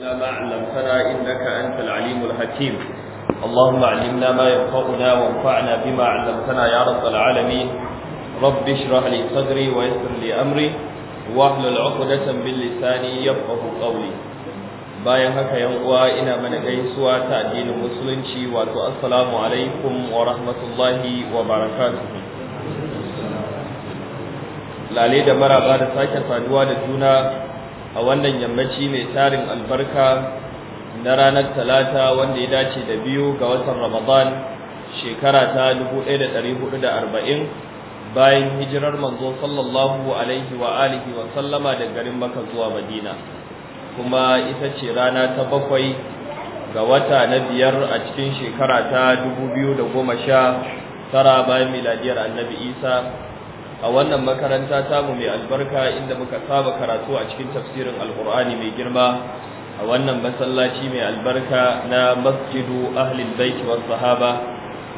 لا ما علمتنا إنك أنت العليم الحكيم اللهم علمنا ما ينفعنا وانفعنا بما علمتنا يا رب العالمين رب اشرح لي صدري ويسر لي أمري واحلل عقدة من لساني يفقه قولي bayan haka yan uwa ina mana gaisuwa ta addinin musulunci wato assalamu alaikum wa rahmatullahi wa barakatuh lale da maraba da sake saduwa da juna a wannan yammaci mai tarin albarka na ranar talata wanda ya dace da biyu ga watan ramadan shekara ta 1440 bayan hijirar manzo sallallahu alaihi wa alihi wa sallama da garin maka zuwa madina kuma ita ce rana ta bakwai ga wata na biyar a cikin shekara ta 2019 bayan miladiyar annabi isa a wannan makaranta tamu mai albarka inda muka saba karatu a cikin tafsirin alkur'ani mai girma a wannan masallaci mai albarka na masjidu ahlin baiki was sahaba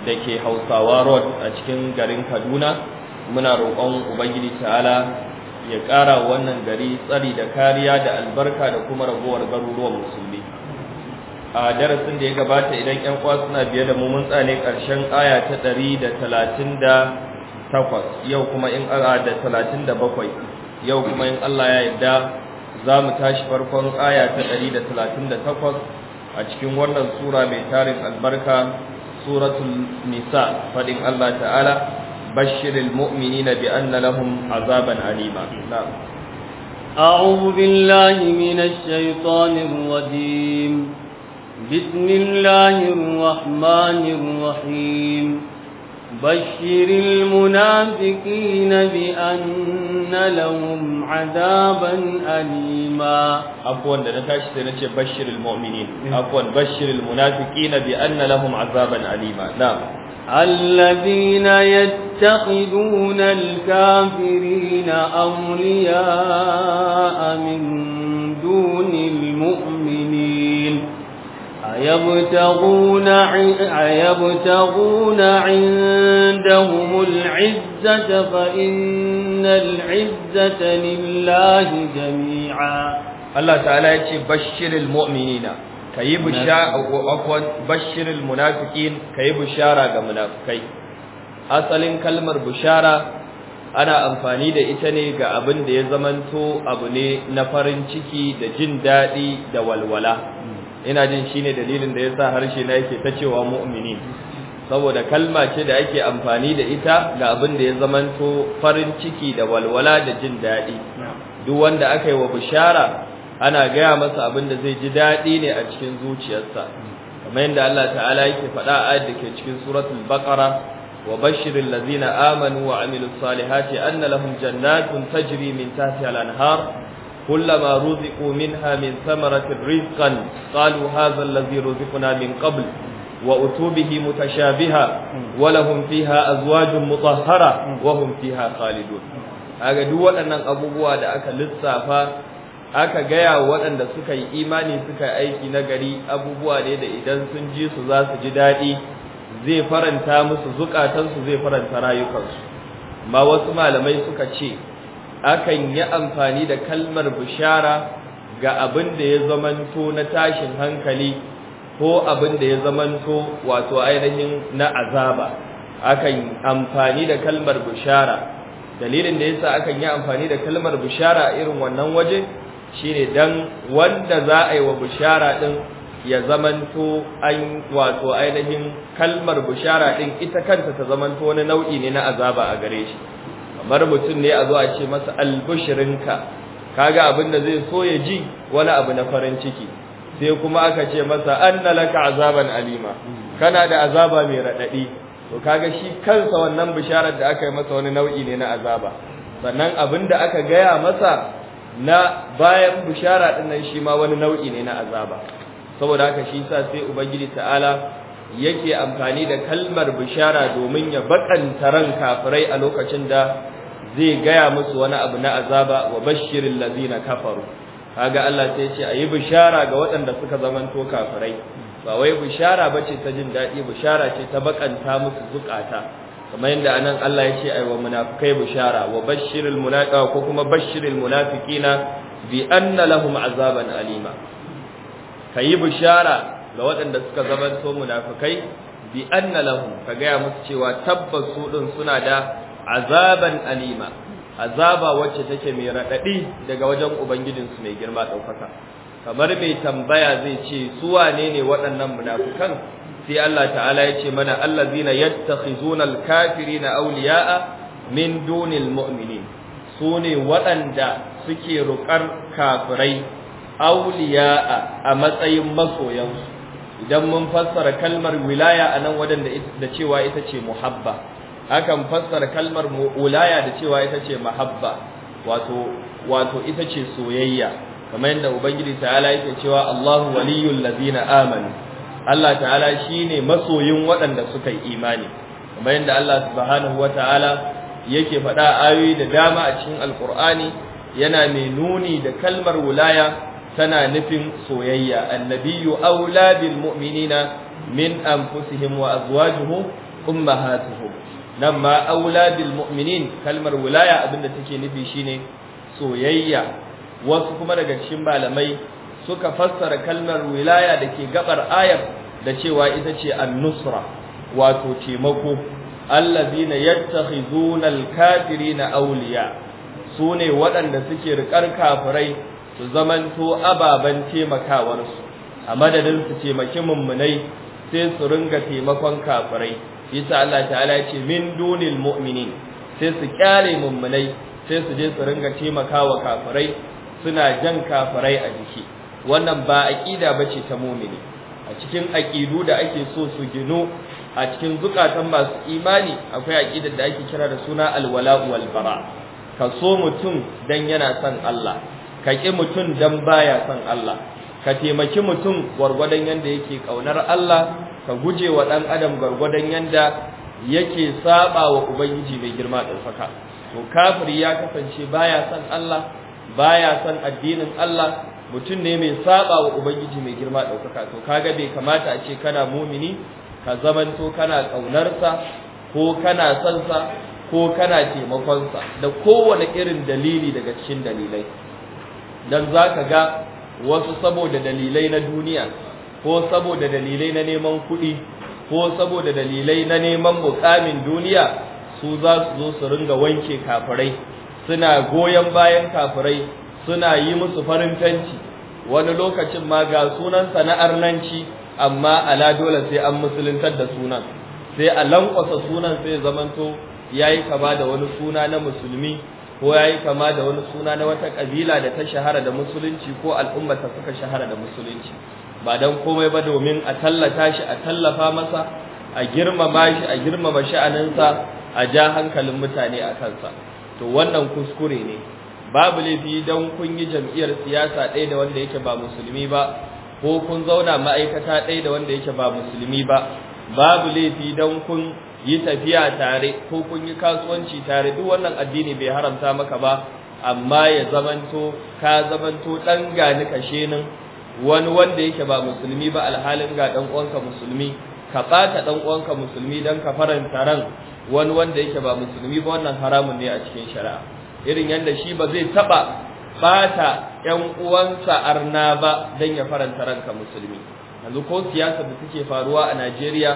da ke hausawa road a cikin garin kaduna muna roƙon ubangiji ta'ala ya ƙara wannan gari tsari da kariya da albarka da kuma ragowar garuruwan musulmi a darasin da ya gabata idan 'yan kwa suna biye da mu mun tsane ƙarshen aya ta ɗari da talatin da takwas yau kuma in ara da talatin da bakwai yau kuma in Allah ya yarda za mu tashi farkon aya ta ɗari da talatin da takwas a cikin wannan sura mai tarin albarka suratul nisa faɗin Allah ta'ala bashirin mu'minina bi anna lahum azaban alima na'am أعوذ بالله من الشيطان الرجيم بسم الله الرحمن الرحيم بشر المنافقين بأن لهم عذابا أليما عفوا أن نتاشت سنتي بشر المؤمنين عفوا بشر المنافقين بأن لهم عذابا أليما نعم الذين يتخذون الكافرين أولياء من دون المؤمنين أيبتغون أيبتغون عندهم العزة فإن العزة لله جميعا الله تعالى يقول بشر المؤمنين كي بشار بشر المنافقين كي بشارة منافقين asalin kalmar bushara ana amfani da ita ne ga abin da ya zamanto abu ne na farin ciki da jin daɗi da walwala ina jin shine dalilin da yasa harshe na yake ta cewa mu'mini saboda kalma ce da ake amfani da ita ga abin da ya zamanto farin ciki da walwala da jin daɗi duk wanda aka yi wa bishara ana gaya masa abin da zai ji daɗi ne a cikin zuciyarsa kamar yadda Allah ta'ala yake faɗa a da ke cikin suratul baqara wa Bashirin lazina amanu wa amilus salihati anna lahum jannatun tajri min tahtiha al-anhar كلما رزقوا منها من ثمرة رزقا قالوا هذا الذي رزقنا من قبل وأتوا به متشابها ولهم فيها أزواج مطهرة وهم فيها خالدون aga duk waɗannan abubuwa da aka lissafa aka gaya waɗanda suka yi imani suka yi aiki na gari abubuwa ne da idan sun ji su za su ji daɗi zai faranta musu zukatansu zai faranta rayukansu ma wasu malamai suka ce akan yi amfani da kalmar bishara ga abin da ya zamanto na tashin hankali ko abin da ya zamanto wato ainihin na azaba akan amfani da kalmar bishara dalilin da yasa akan yi amfani da kalmar bishara irin wannan waje shine dan wanda za a yi wa bishara din ya zamanto an wato ainihin kalmar bishara din ita kanta ta zamanto wani nau'i ne na azaba a gare shi Marmutun mutum ne a zo a ce masa albushirinka kaga abin da zai so ya ji wani abu na farin ciki sai kuma aka ce masa anna laka azaban alima kana da azaba mai raɗaɗi? to kaga shi kansa wannan bisharar da aka yi masa wani nau'i ne na azaba sannan abin da aka gaya masa na bayan bishara din nan shi ma wani nau'i ne na azaba saboda haka shi sa sai ubangiji ta'ala yake amfani da kalmar bishara domin ya bakanta ran kafirai a lokacin da zai gaya musu wani abu na azaba wa bashirin lazina kafaru kaga Allah sai ce ayi bishara ga waɗanda suka zamanto kafirai ba wai bishara bace ta jin daɗi bishara ce ta bakanta musu zukata kamar yadda anan Allah ya ce ai wa munafikai bishara wa bashiril munafiqa ko kuma bashiril munafiqina bi anna lahum azaban alima kayi bishara ga waɗanda suka zamanto munafikai bi anna lahum ka gaya musu cewa tabbas su din suna da azaban alima azaba wacce take mai radadi daga wajen ubangijinsu mai girma daukaka kamar mai tambaya zai ce su wane ne waɗannan munafikan sai Allah ta'ala ya ce mana allazina yattakhizuna alkafirina awliya'a min dunil mu'minin sune waɗanda suke rukar kafirai awliya'a a matsayin masoyansu idan mun fassara kalmar wilaya anan wadanda da cewa ita ce muhabba akan fassara kalmar ulaya da cewa ita ce mahabba wato wato ita ce soyayya kamar yadda ubangiji ta'ala yake cewa Allahu waliyul ladina amanu Allah ta'ala shine masoyin waɗanda suka yi imani kamar yadda Allah subhanahu wata'ala yake faɗa ayoyi da dama a cikin alqur'ani yana mai nuni da kalmar wulaya tana nufin soyayya annabiyyu aula bil mu'minina min anfusihim wa azwajuhum ummahatuhum nan ma aula mu'minin kalmar wilaya abinda take nufi shine soyayya wasu kuma daga cikin malamai suka fassara kalmar wilaya da ke gabar ayar da cewa ita ce annusra, wato taimako allazina yattakhizuna al-kafirina awliya sune waɗanda suke rikar kafirai su zamanto ababan taimakawarsu a madadin su taimaki mummunai sai su ringa taimakon kafirai yasa Allah ta'ala ya ce min dunil mu'minin sai su kyale mummunai sai su je su ringa taimakawa kafirai suna jan kafirai a jiki wannan ba aqida bace ta mu'mini a cikin aqidu da ake so su gino a cikin zukatan masu imani akwai aqidar da ake kira da suna alwala walbara. ka so mutum dan yana son Allah ka ki mutum dan baya son Allah ka taimaki mutum gwargwadon yanda yake kaunar Allah ka guje wa ɗan adam gwargwadon yanda yake saba wa ubangiji mai girma ɗaukaka to kafiri ya kasance baya son Allah baya son addinin Allah mutum ne mai saba wa ubangiji mai girma ɗaukaka to kaga bai kamata a ce kana mumini ka zamanto kana ƙaunarsa ko kana son sa ko kana taimakonsa da kowane irin dalili daga cikin dalilai dan ka ga wasu saboda dalilai na duniya ko saboda dalilai na neman kuɗi ko saboda dalilai na neman mukamin duniya su za su zo su ringa wanke kafirai suna goyon bayan kafirai suna yi musu farin fenti wani lokacin ma ga sunan sana'ar nan ci, amma ala dole sai an musuluntar da sunan sai a lankwasa sunan sai zamanto ya yi kama da wani suna na musulmi ko ya yi kama da wani suna na wata ƙabila da ta shahara da musulunci ko al'umma ta suka shahara da musulunci ba don komai ba domin a tallata shi a tallafa masa a girmama shi a girmama sha'aninsa a ja hankalin mutane a kansa to wannan kuskure ne babu laifi don kun yi jam'iyyar siyasa ɗaya da wanda yake ba musulmi ba ko kun zauna ma'aikata ɗaya da wanda yake ba musulmi ba babu laifi don kun yi tafiya tare ko kun yi kasuwanci tare duk wannan addini bai haramta maka ba amma ya zamanto ka zamanto ɗan gani kashenin wani wanda yake ba musulmi ba alhalin ga dan uwanka musulmi ka bata dan uwanka musulmi dan ka faranta ran wani wanda yake ba musulmi ba wannan haramun ne a cikin shari'a irin yanda shi ba zai taba bata yan uwansa arna ba dan ya faranta ranka musulmi yanzu ko siyasa da take faruwa a Najeriya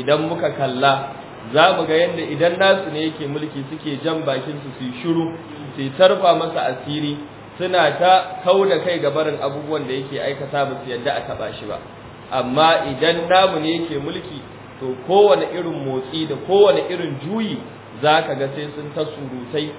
idan muka kalla za mu ga yadda idan nasu ne yake mulki suke jan bakin su su shiru su tarfa masa asiri suna ta kau kai ga barin abubuwan da yake aikata ba su yadda a taba shi ba amma idan namu ne yake mulki to kowane irin motsi da kowane irin juyi zaka ga sai sun ta surutai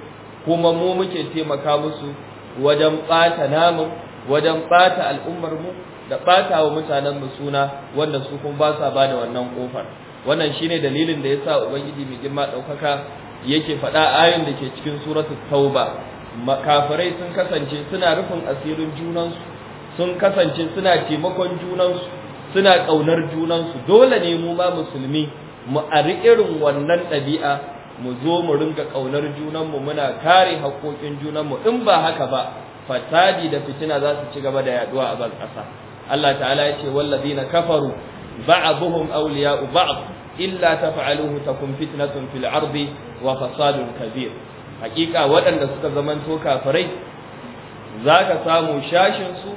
kuma mu muke taimaka musu wajen bata namu wajen bata al'ummar mu da bata wa mutanen mu suna wanda su kuma ba sa da wannan kofar wannan shine dalilin da yasa ubangiji mai girma daukaka yake faɗa ayin da ke cikin suratul tauba makafirai sun kasance suna rufin asirin junansu sun kasance suna taimakon junansu suna ƙaunar junansu dole ne mu ba musulmi mu ari irin wannan ɗabi'a mu zo mu ringa ƙaunar junanmu muna kare haƙoƙin junanmu in ba haka ba fasadi da fitina za su ci gaba da yaduwa a ban ƙasa Allah ta'ala ya ce wallazina kafaru ba'dhum awliya'u ba'd illa taf'aluhu takun fitnatun fil ardi wa fasadun kabir hakika waɗanda suka zamanto kafirai zaka samu shashin su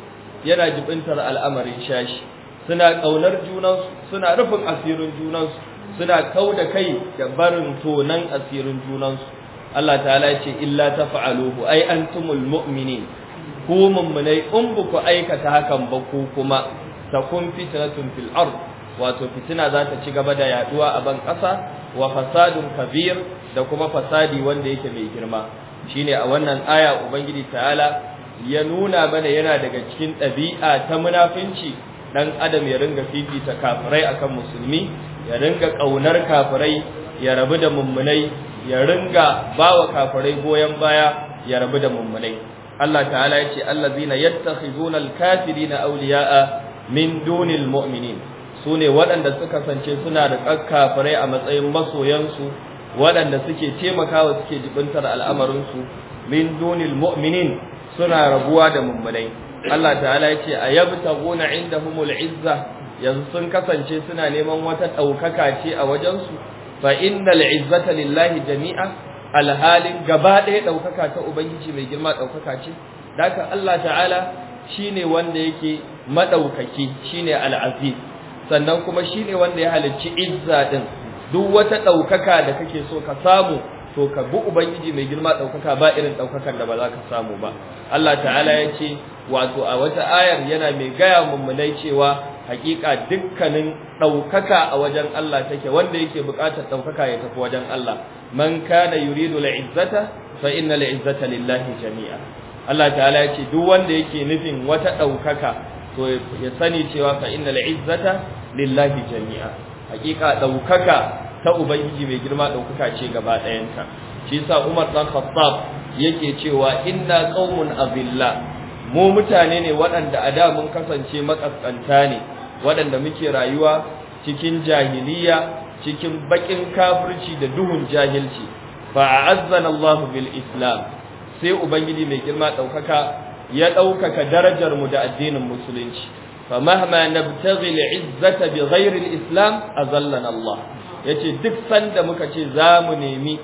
yana jibintar al'amarin shashi suna kaunar junansu suna rufin asirin junansu suna kauda kai da barin tonan asirin junansu Allah ta'ala ya ce illa taf'aluhu ai antumul mu'minin ku mummunai in ku aikata hakan ba ku kuma takun fitnatun fil ard wato fitina za ta ci gaba da yaduwa a ban kasa wa fasadun kabir da kuma fasadi wanda yake mai girma shine a wannan aya ubangiji ta'ala ya nuna mana yana daga cikin ɗabi'a ta munafinci dan adam ya ringa fifita kafirai akan musulmi ya ringa kaunar kafirai ya rabu da mummunai ya ringa bawa kafirai goyen baya ya rabu da mummunai Allah ta'ala ya ce allazina yattakhizuna alkafirina awliya'a min dunil mu'minin su ne waɗanda suka kasance suna da farai a matsayin masoyansu waɗanda suke taimakawa suke jibintar al'amarinsu min dunil mu'minin suna rabuwa da mummunai Allah ta'ala ya ce a gona indahumul izza yanzu sun kasance suna neman wata ɗaukaka ce a wajensu fa innal izzata lillahi jami'a alhalin gaba ɗaya ɗaukaka ta ubangiji mai girma ɗaukaka ce daga Allah ta'ala shine wanda yake maɗaukaki shine al-aziz sannan kuma shi ne wanda ya halarci izza din duk wata ɗaukaka da kake so ka samu to ka bi ubangiji mai girma ɗaukaka ba irin ɗaukakar da ba za ka samu ba Allah ta'ala ya ce wato a wata ayar yana mai gaya mummunai cewa hakika dukkanin ɗaukaka a wajen Allah take wanda yake buƙatar ɗaukaka ya tafi wajen Allah man kana yuridu la'izzata, izzata fa inna lillahi jami'a Allah ta'ala ya ce duk wanda yake nufin wata ɗaukaka. to ya sani cewa fa innal izzata lillahi jami'a hakika daukaka ta ubangiji mai girma daukaka ce gaba ta shi yasa Umar dan Khattab yake cewa inna qaumun azilla mu mutane ne waɗanda a da mun kasance makaskanta ne waɗanda muke rayuwa cikin jahiliya cikin bakin kafirci da duhun jahilci fa a'azzana Allah bil islam sai ubangiji mai girma daukaka ya ɗaukaka darajar mu da addinin musulunci fa mahma nabtaghi al bi ghairi al-islam azallana Allah yace duk sanda muka ce zamu nemi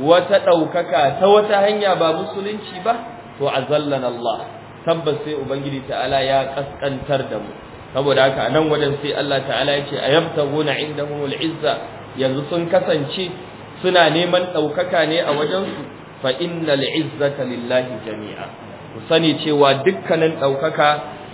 wata ɗaukaka ta wata hanya ba musulunci ba to azallana Allah tabbas sai ubangiji ta'ala ya kaskantar da mu saboda haka nan wajen sai Allah ta'ala yace ayabtaguna indahumul izza yanzu sun kasance suna neman ɗaukaka ne a wajensu fa innal izzata lillahi jami'a ku sani cewa dukkanin ɗaukaka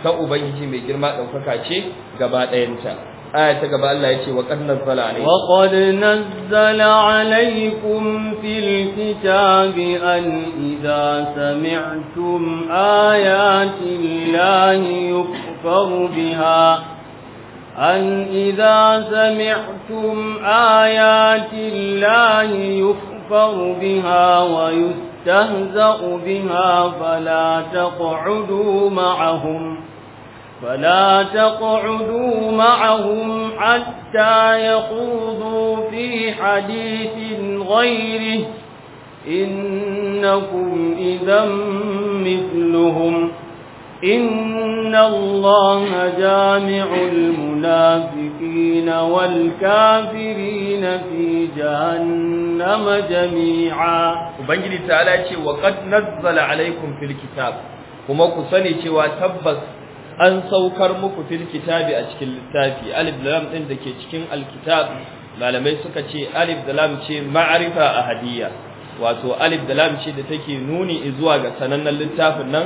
ta ubangiji mai girma ɗaukaka ce gabaɗayanta. ɗayanta aya ta gaba Allah ya ce wa kan nazala alaihi wa qad nazala alaikum fil kitabi an idza sami'tum ayati llahi yukfaru biha an idza sami'tum ayati llahi yukfaru يُكَفَّرُ بها ويستهزأ بها فلا تقعدوا معهم فلا تقعدوا معهم حتى يخوضوا في حديث غيره إنكم إذا مثلهم إن الله جامع المنافقين والكافرين في جهنم جميعا وبنجلي تعالى وقد نزل عليكم في الكتاب kuma ku sani cewa tabbas an saukar muku fil kitabi a cikin littafi alif da lam din dake cikin alkitab malamai suka ce alif da lam ce ma'rifa ahadiyya wato alif da lam shi da take nuni zuwa ga sanannen littafin nan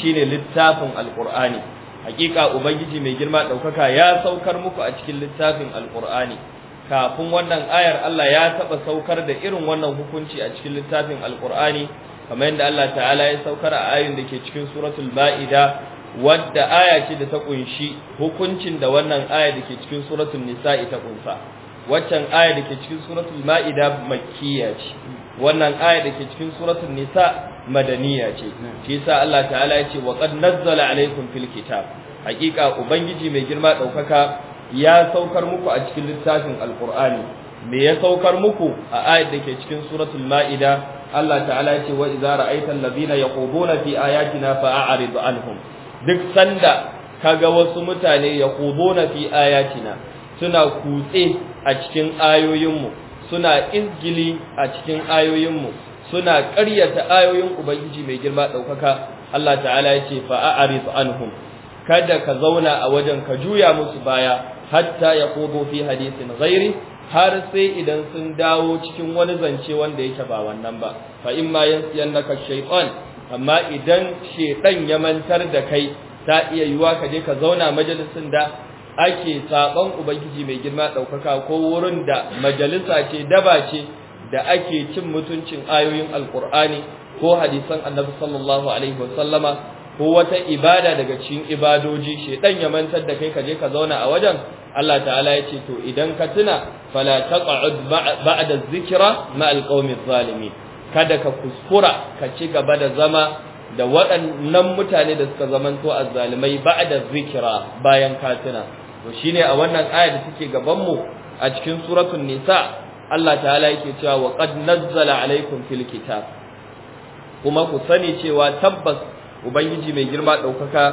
shine littafin alqur'ani hakika ubangiji mai girma daukaka ya saukar muku a cikin littafin alqur'ani kafin wannan ayar Allah ya taba saukar da irin wannan hukunci a cikin littafin alqur'ani kamar yadda Allah ta'ala ya saukar a ayin da ke cikin suratul ba'ida wadda aya ce da ta kunshi hukuncin da wannan aya da ke cikin suratul nisa'i ta kunsa waccan aya da ke cikin suratul ma'ida makkiya ce wannan aya da ke cikin suratul nisa madaniya ce hmm. shi yasa Allah ta'ala ya ce wa qad nazzala alaikum fil kitab hakika ubangiji mai girma daukaka ya saukar muku a cikin littafin alqur'ani me ya saukar muku a ayat da ke cikin suratul ma'ida Allah ta'ala ya ce wa idza ya ladina yaquduna fi ayatina fa'arid anhum duk sanda kaga wasu mutane yaquduna fi ayatina suna kutse a cikin ayoyinmu suna izgili a cikin ayoyinmu suna ƙaryata ayoyin ubangiji mai girma ɗaukaka Allah ta'ala ya ce fa fa'a'arif anhum kada ka zauna a wajen ka juya musu baya hatta ya kobo fi hadisin ghairi har sai idan sun dawo cikin wani zance wanda yake ba wannan ba fa in ma yansiyannaka shaytan amma idan shaytan ya mantar da kai ta iya yiwa ka je ka zauna majalisin da ake saban ubangiji mai girma daukaka ko wurin da majalisa ce daba ce da ake cin mutuncin ayoyin alkur'ani ko hadisan annabi sallallahu alaihi wasallama ko wata ibada daga cikin ibadoji shedan ya mantar da kai ka je ka zauna a wajen Allah ta'ala ya ce to idan ka tuna fala taq'ud ba'da dhikra ma alqawmi zalimi. kada ka kuskura ka ci gaba da zama da waɗannan mutane da suka zamanto azzalimai ba'da dhikra bayan ka tuna to shine a wannan aya da take gaban mu a cikin suratul nisa Allah ta'ala yake cewa wa qad nazzala alaikum fil kitab kuma ku sani cewa tabbas ubangiji mai girma daukaka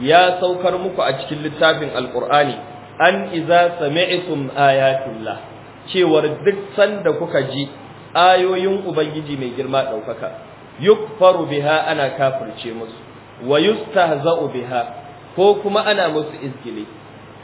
ya saukar muku a cikin littafin alqur'ani an iza sami'tum ayatullah cewar duk sanda kuka ji ayoyin ubangiji mai girma daukaka yukfaru biha ana kafirce musu wa yustahza'u biha ko kuma ana musu izgili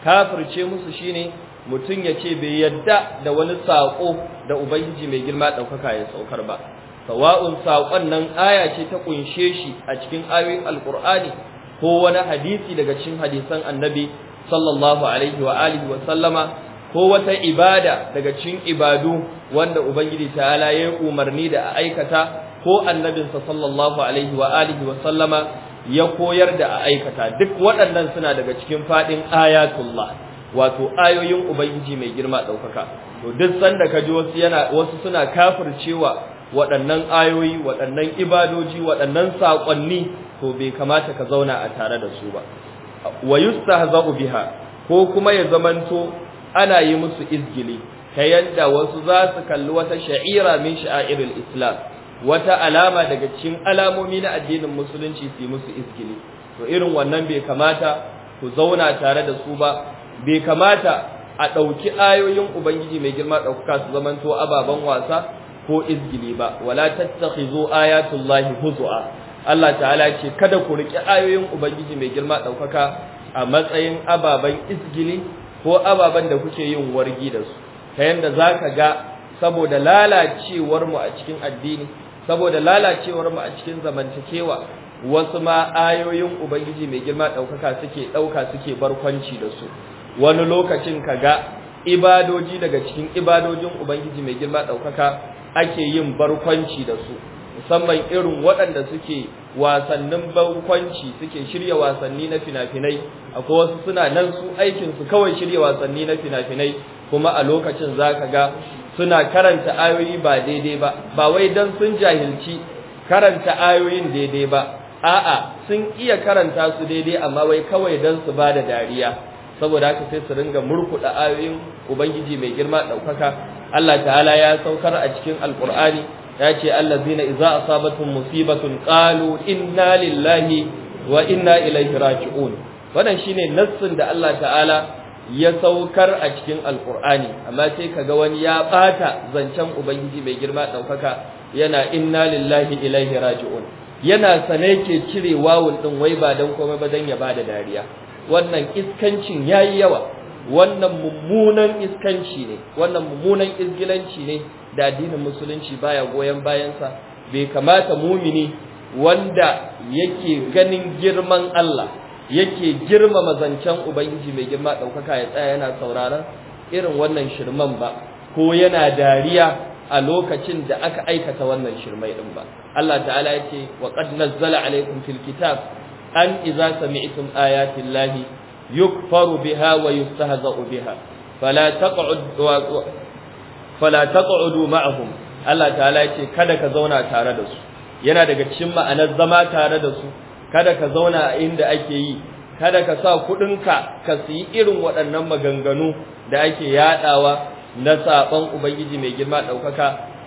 kafirce musu shine mutum ya ce bai yadda da wani saƙo da ubangiji mai girma ɗaukaka ya saukar ba sawa'un saƙon nan aya ce ta ƙunshe shi a cikin ayoyin alqur'ani ko wani hadisi daga cikin hadisan annabi sallallahu alaihi wa alihi wa sallama ko wata ibada daga cikin ibadu wanda ubangiji ta'ala ya umarni da a aikata ko annabinsa sallallahu alaihi wa alihi wa sallama ya koyar da a aikata duk waɗannan suna daga cikin faɗin ayatullah wato ayoyin ubangiji mai girma ɗaukaka to duk sanda ka ji wasu yana wasu suna kafircewa waɗannan ayoyi waɗannan ibadoji waɗannan saƙonni to bai kamata ka zauna a tare da su ba wa yustahza'u biha ko kuma ya zamanto ana yi musu izgili ta yadda wasu za su kalli wata sha'ira min sha'iril islam wata alama daga cikin alamomi na addinin musulunci su musu izgili to irin wannan bai kamata ku zauna tare da su ba bai kamata a ɗauki ayoyin ubangiji mai girma ɗaukaka su zamanto ababen wasa ko izgili ba wala tattakhizu ayatullahi huzua Allah ta'ala ce kada ku riki ayoyin ubangiji mai girma ɗaukaka a matsayin ababen izgili ko ababen da kuke yin wargi da su ta yanda ka ga saboda lalacewar mu a cikin addini saboda lalacewar mu a cikin zamantakewa wasu ma ayoyin ubangiji mai girma ɗaukaka suke ɗauka suke barkwanci da su wani lokacin ka ga ibadoji daga cikin ibadojin ubangiji mai girma ɗaukaka ake yin barkwanci da su musamman irin waɗanda suke wasannin barkwanci suke shirya wasanni na fina-finai akwai wasu suna nan su aikinsu kawai shirya wasanni na fina-finai kuma a lokacin za ka ga suna karanta ayoyi ba daidai ba ba wai dan sun jahilci karanta ayoyin daidai ba a'a sun iya karanta su daidai amma wai kawai dan su ba da dariya saboda haka sai su ringa murkuɗa ayoyin ubangiji mai girma ɗaukaka Allah ta'ala ya saukar a cikin alkur'ani ya ce allazina idza asabatun musibatun qalu inna lillahi wa inna ilaihi raji'un wannan shine nassin da Allah ta'ala ya saukar a cikin alkur'ani amma sai kaga wani ya bata zancen ubangiji mai girma daukaka yana inna lillahi ilaihi raji'un yana sane ke cire wawun din wai ba dan komai ba dan ya bada dariya wannan iskancin yayi yawa wannan mummunan iskanci ne wannan mummunan izgilanci ne da addinin musulunci baya goyen bayansa bai kamata mumini wanda yake ganin girman Allah yake girmama zancen ubangiji mai girma ɗaukaka ya tsaya yana sauraron irin wannan shirman ba ko yana dariya a lokacin da aka aikata wannan shirmai din ba Allah ta'ala yace wa qad nazzala alaykum fil kitab an idza sami'tum ayati llahi yukfaru biha wa yustahza'u biha fala fala taq'udu ma'ahum Allah ta'ala ce kada ka zauna tare da su yana daga cikin ma'anar zama tare da su kada ka zauna a inda ake yi kada ka sa kuɗinka ka siyi irin waɗannan maganganu da ake yaɗawa na saɓon ubangiji mai girma ɗaukaka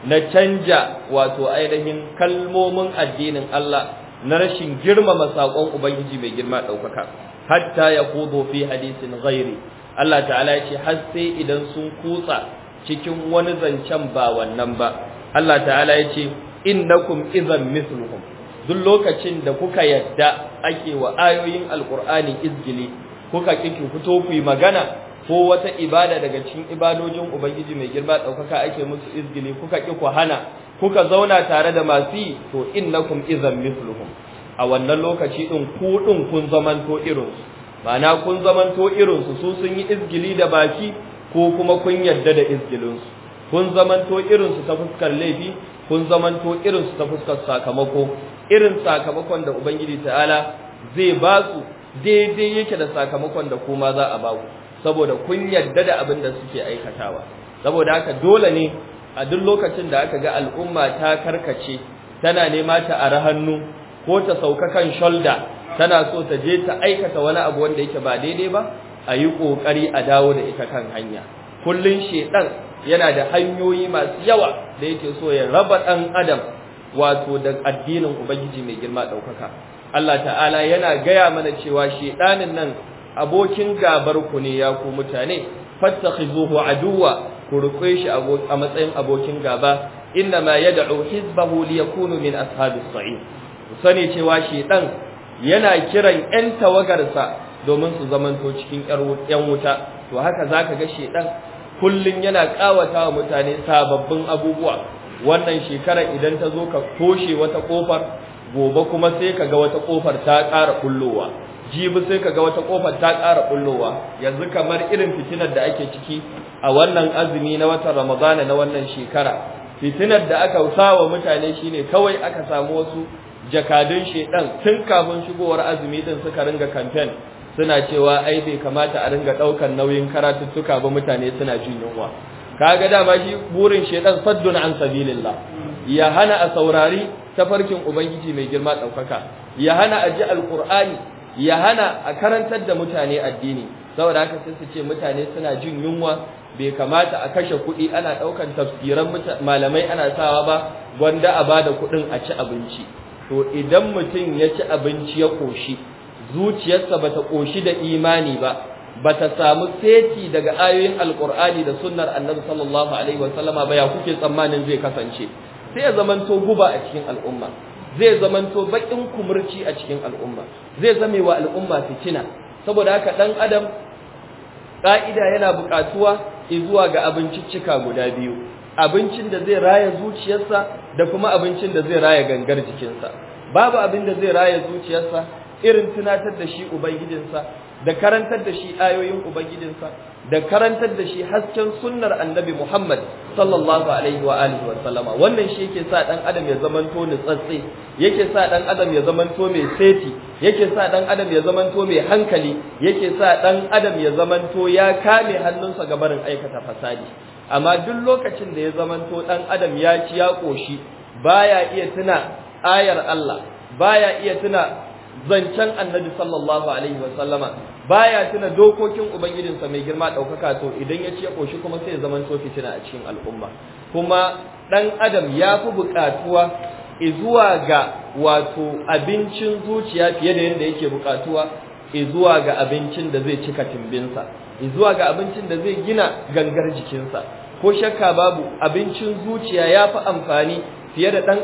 na canja wato ainihin kalmomin addinin Allah na rashin girmama saƙon ubangiji mai girma ɗaukaka hatta ya kudo fi hadisin ghairi Allah ta'ala ya ce har sai idan sun kutsa cikin wani zancen ba wannan ba Allah ta'ala ya ce innakum idan mithluhum duk lokacin da kuka yadda ake wa ayoyin alkur'ani izgili kuka kike fito ku yi magana ko wata ibada daga cikin ibadojin ubangiji mai girma daukaka ake musu izgili kuka ki ku hana kuka zauna tare da masu to innakum idzan mithluhum a wannan lokaci din ku din kun zamanto irin su ma'ana kun zamanto irin su su sun yi izgili da baki ko kuma kun yadda da izgilin su kun zamanto irin su ta fuskar laifi kun zamanto irin su ta fuskar sakamako irin sakamakon da ubangiji ta'ala zai ba su daidai yake da sakamakon da kuma za a ba ku saboda kun yadda da abin da suke aikatawa saboda haka dole ne a duk lokacin da aka ga al'umma ta karkace tana nema ta ara hannu ko ta sauka kan shoulder tana so ta je ta aikata wani abu wanda yake ba daidai ba a yi ƙoƙari a dawo da ita kan hanya kullun shedan yana da hanyoyi masu yawa da yake so ya raba ɗan adam wato da addinin ubangiji mai girma ɗaukaka Allah ta'ala yana gaya mana cewa shedanin nan abokin gabar ku ne ya ku mutane fattakhizuhu aduwa ku rufe shi a matsayin abokin gaba inna ma yad'u hizbahu liyakunu min ashabis sa'id sani cewa shedan yana kiran 'yan tawagarsa domin su zamanto cikin 'yan wuta to haka zaka ga shedan kullun yana kawata wa mutane sababbin abubuwa wannan shekarar idan ta zo ka toshe wata kofar gobe kuma sai ka ga wata kofar ta ƙara kullowa jibi sai ka ga wata kofar ta ƙara kullowa yanzu kamar irin fitinar da ake ciki a wannan azumi na watan ramadana na wannan shekara fitinar da aka sa wa mutane shine kawai aka samu wasu jakadun shedan tun kafin shigowar azumi din suka ringa campaign suna cewa ai bai kamata a ringa daukan nauyin karatuttuka ba mutane suna jin yunwa kaga dama shi burin shedan saddun an sabilillah ya hana a saurari tafarkin ubangiji mai girma daukaka ya hana a ji alqur'ani ya hana a karantar da mutane addini saboda haka sai su ce mutane suna jin yunwa bai kamata a kashe kuɗi ana ɗaukan tafsiran malamai ana sawa ba gwanda a bada kuɗin a ci abinci to idan mutum ya ci abinci ya koshi zuciyarsa bata ƙoshi da imani ba bata samu seti daga ayoyin Alƙur'ani da sunnar annabi sallallahu alaihi wasallama ba ya kuke tsammanin zai kasance sai ya zamanto guba a cikin al'umma zai zamanto bakin kumurci a cikin al'umma zai zame wa al'umma fitina saboda haka ɗan adam ƙa'ida yana buƙatuwa zuwa ga abinciccika guda biyu abincin da zai raya zuciyarsa da kuma abincin da zai raya gangar jikinsa babu abin da zai raya zuciyarsa irin tunatar da shi ubangijinsa da karantar da shi ayoyin ubangijinsa da karantar da shi hasken sunnar annabi Muhammad sallallahu alaihi wa alihi wa sallama wannan shi yake sa dan adam ya zamanto nutsatsi yake sa dan adam ya zamanto mai seti yake sa dan adam ya zamanto mai hankali yake sa dan adam ya zamanto ya kame hannunsa ga barin aikata fasadi amma duk lokacin da ya zamanto dan adam ya ci ya koshi baya iya tuna ayar Allah baya iya tuna zancen annabi sallallahu alaihi wa sallama baya tuna dokokin ubangijinsa mai girma ɗaukaka to idan ya ce koshi kuma sai ya zaman to fitina a cikin al'umma kuma ɗan adam ya fi buƙatuwa izuwa ga wato abincin zuciya fiye da yadda yake buƙatuwa izuwa ga abincin da zai cika timbinsa izuwa ga abincin da zai gina gangar jikinsa ko shakka babu abincin zuciya ya fi amfani fiye da dan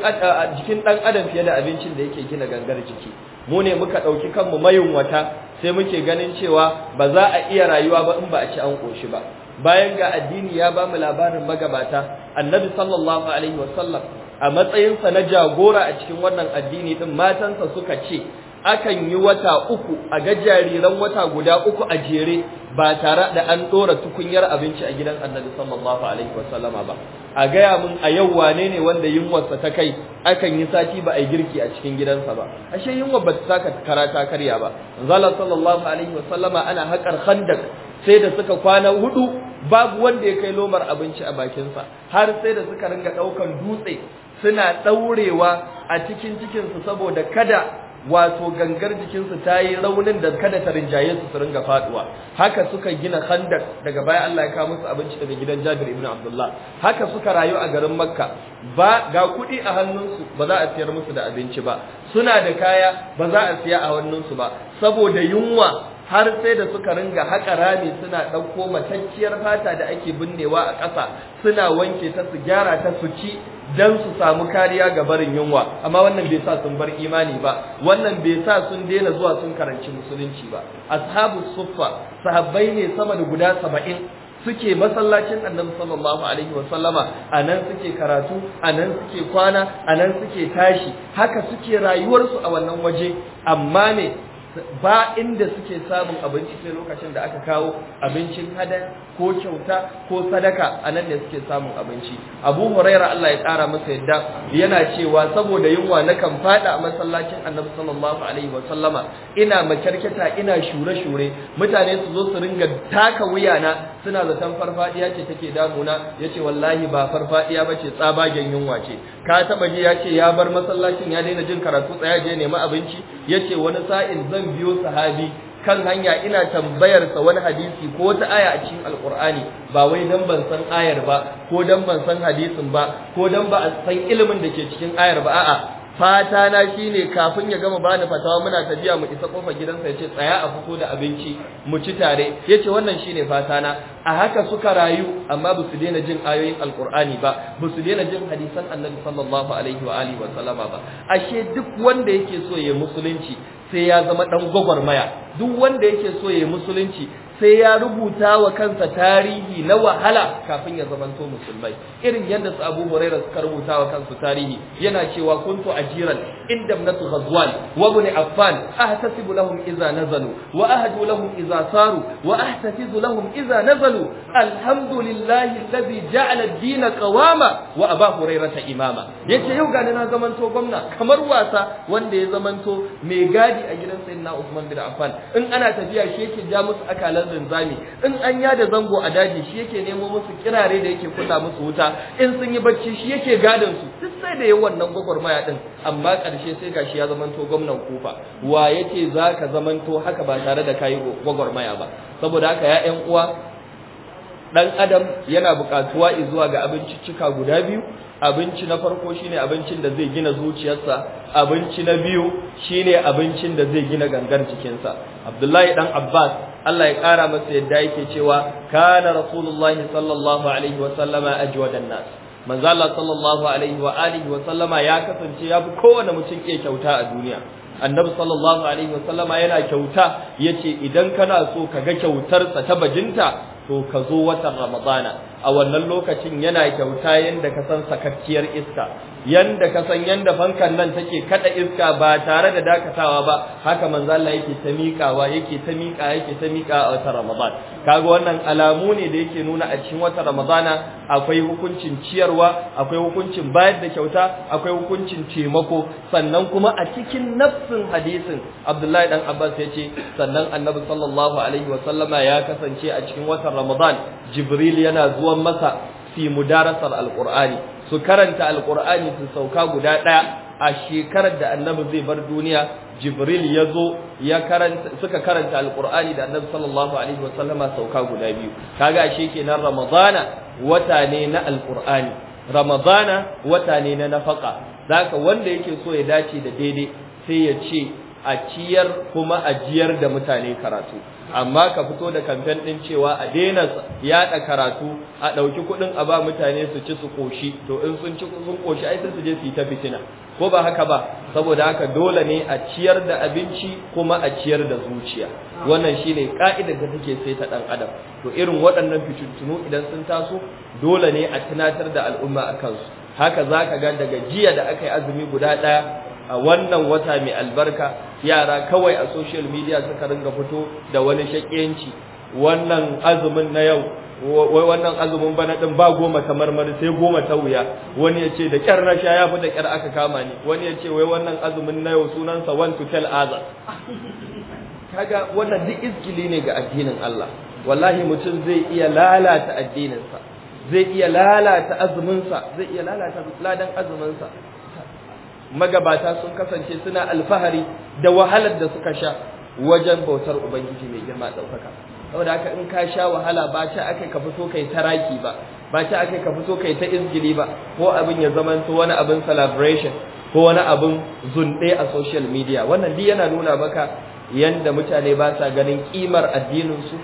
jikin dan adam fiye da abincin da yake gina gangar jiki mu ne muka dauki kanmu mayunwata sai muke ganin cewa ba za a iya rayuwa ba in ba a ci an koshi ba bayan ga addini ya ba mu labarin magabata annabi sallallahu alaihi wasallam a matsayinsa na jagora a cikin wannan addini din matansa suka ce akan yi wata uku a ga jariran wata guda uku a jere ba tare da an dora tukunyar abinci a gidan annabi sallallahu alaihi wasallama ba a gaya mun a yau wane ne wanda yunwarsa ta kai akan yi sati ba a yi girki a cikin gidansa ba ashe yunwa ba ta saka karata karya ba zala sallallahu alaihi wasallama ana haƙar khandak sai da suka kwana hudu babu wanda ya kai lomar abinci a bakinsa har sai da suka ringa ɗaukan dutse suna ɗaurewa a cikin cikinsu saboda kada wato gangar jikinsu ta yi raunin da kada ta rinjaye su su ringa faduwa haka suka gina khandak daga baya Allah ya kawo musu abinci daga gidan Jabir ibn Abdullah haka suka rayu a garin Makka ba ga kuɗi a hannunsu ba za a siyar musu da abinci ba suna da kaya ba za a siya a hannunsu ba saboda yunwa har sai da suka ringa haƙa rami suna ɗauko matacciyar fata da ake binnewa a ƙasa suna wanke ta su gyara ta su ci don su samu kariya ga barin yunwa amma wannan bai sa sun bar imani ba wannan bai sa sun daina zuwa sun karanci musulunci ba ashabu suffa sahabbai ne sama da guda saba'in suke masallacin annabi sallallahu alaihi wa sallama anan suke karatu anan suke kwana anan suke tashi haka suke rayuwarsu a wannan waje amma ne ba inda suke samun abinci sai lokacin da aka kawo abincin hada ko kyauta ko sadaka a nan ne suke samun abinci abu huraira Allah ya tsara masa yadda yana cewa saboda yunwa na kan fada a masallacin annabi sallallahu alaihi wa sallama ina makarkata ina shure shure mutane su zo su ringa taka wuyana. suna zaton farfadiya ce take damuna ce, wallahi ba farfadiya bace tsabagen yunwa ce ka taba ji ce ya bar masallacin ya daina jin karatu tsaya je nemi abinci Ya ce wani sa'in zan biyo sahabi kan hanya ina tambayar sa wani hadisi ko wata aya a cikin alkur'ani ba wai dan ban san ayar ba ko dan ban san hadisin ba ko dan ba san ilimin da ke cikin ayar ba a'a fata na shine kafin ya gama bani fatawa muna tafiya mu isa kofar gidansa yace tsaya a fito da abinci mu ci tare Ya ce wannan shine fata na a haka suka rayu amma ba su daina jin ayoyin alqur'ani ba ba su daina jin hadisan annabi sallallahu alaihi wa alihi wa sallama ba ashe duk wanda yake so ya musulunci sai ya zama dan gwagwarmaya duk wanda yake so ya musulunci sai ya rubuta wa kansa tarihi na wahala kafin ya zamanto musulmai irin yadda su Abu Huraira suka rubuta wa kansu tarihi yana cewa kuntu ajiran inda Ghazwan wa ibn Affan ahtasibu lahum idza nazalu wa ahdu lahum iza saru wa ahtasibu lahum iza nazalu alhamdulillahi alladhi ja'ala ad-din qawama wa Abu Huraira ta imama yace yau ni na zamanto gwamna kamar wasa wanda ya zamanto mai gadi a gidan sayyidina usman bin Affan in ana tafiya shi yake ja musu akalan linzami in an da zango a daji shi yake nemo musu kirare da yake kula musu wuta in sun yi bacci shi yake gadan su duk sai da yawan nan gwagwarmaya din amma karshe sai gashi ya to gwamnan kofa wa yake zaka zamanto haka ba tare da kai gwagwarmaya ba saboda haka ya ƴan uwa dan adam yana buƙatuwa zuwa ga abinciccika guda biyu abinci na farko shine abincin da zai gina zuciyarsa abinci na biyu shine abincin da zai gina gangar cikinsa abdullahi dan abbas Allah ya ƙara masa yadda yake cewa kana rasulullahi sallallahu alaihi wa sallama ajwadan nas manzo Allah sallallahu alaihi wa alihi wa sallama ya kasance ya fi kowanne mutum ke kyauta a duniya annabi sallallahu alaihi wa sallama yana kyauta yace idan kana so ka ga kyautar sa ta bajinta to ka zo watan ramadana a wannan lokacin yana kyauta yanda ka san sakakkiyar iska yanda ka san yanda fankan nan take kada iska ba tare da dakatawa ba haka manzo Allah yake ta miƙawa yake ta miƙa yake ta miƙa a wata Ramadan kaga wannan alamu ne da yake nuna a cikin wata Ramadana akwai hukuncin ciyarwa akwai hukuncin bayar da kyauta akwai hukuncin taimako sannan kuma a cikin nafsin hadisin Abdullahi dan Abbas ya ce sannan Annabi sallallahu alaihi wasallama ya kasance a cikin watan Ramadan Jibril yana zuwa zawar masa fi mudarasar alkur'ani su karanta alkur'ani su sauka guda daya a shekarar da annabi zai bar duniya jibril ya zo ya karanta suka karanta alkur'ani da annabi sallallahu alaihi wasallama sauka guda biyu kaga ashe kenan ramadana wata ne na alkur'ani ramadana wata ne na nafaka zaka wanda yake so ya dace da daidai sai ya ce a ciyar kuma a jiyar da mutane karatu amma ka fito da kamfen din cewa a daina yada karatu a dauki kudin a ba mutane su ci su koshi to in sun ci sun koshi ai sai su je su yi ta fitina ko ba haka ba saboda haka dole ne a ciyar da abinci kuma a ciyar da zuciya wannan shine ka'idar da take sai ta dan adam to irin waɗannan fitintunu idan sun taso dole ne a tunatar da al'umma akan su haka zaka ga daga jiya da aka yi azumi guda ɗaya a wannan wata mai albarka yara kawai a social media suka ringa fito da wani shakiyanci wannan azumin na yau wai wannan azumin bana din ba goma kamar mari sai goma ta wuya wani ya ce da kyar na sha ya fi da kyar aka kama ni wani ya ce wai wannan azumin na yau sunansa one to tell others kaga wannan duk izgili ne ga addinin Allah wallahi mutum zai iya lalata addininsa zai iya lalata azuminsa zai iya lalata ladan azuminsa magabata sun kasance suna alfahari da wahalar da suka sha wajen bautar ubangiji mai girma ɗaukaka saboda haka in ka sha wahala ba ta aka ka fito kai taraki ba ba ta aka ka fito kai ta izgili ba ko abin ya zama to wani abin celebration ko wani abin zunɗe a social media wannan duk yana nuna maka yanda mutane ba sa ganin kimar addininsu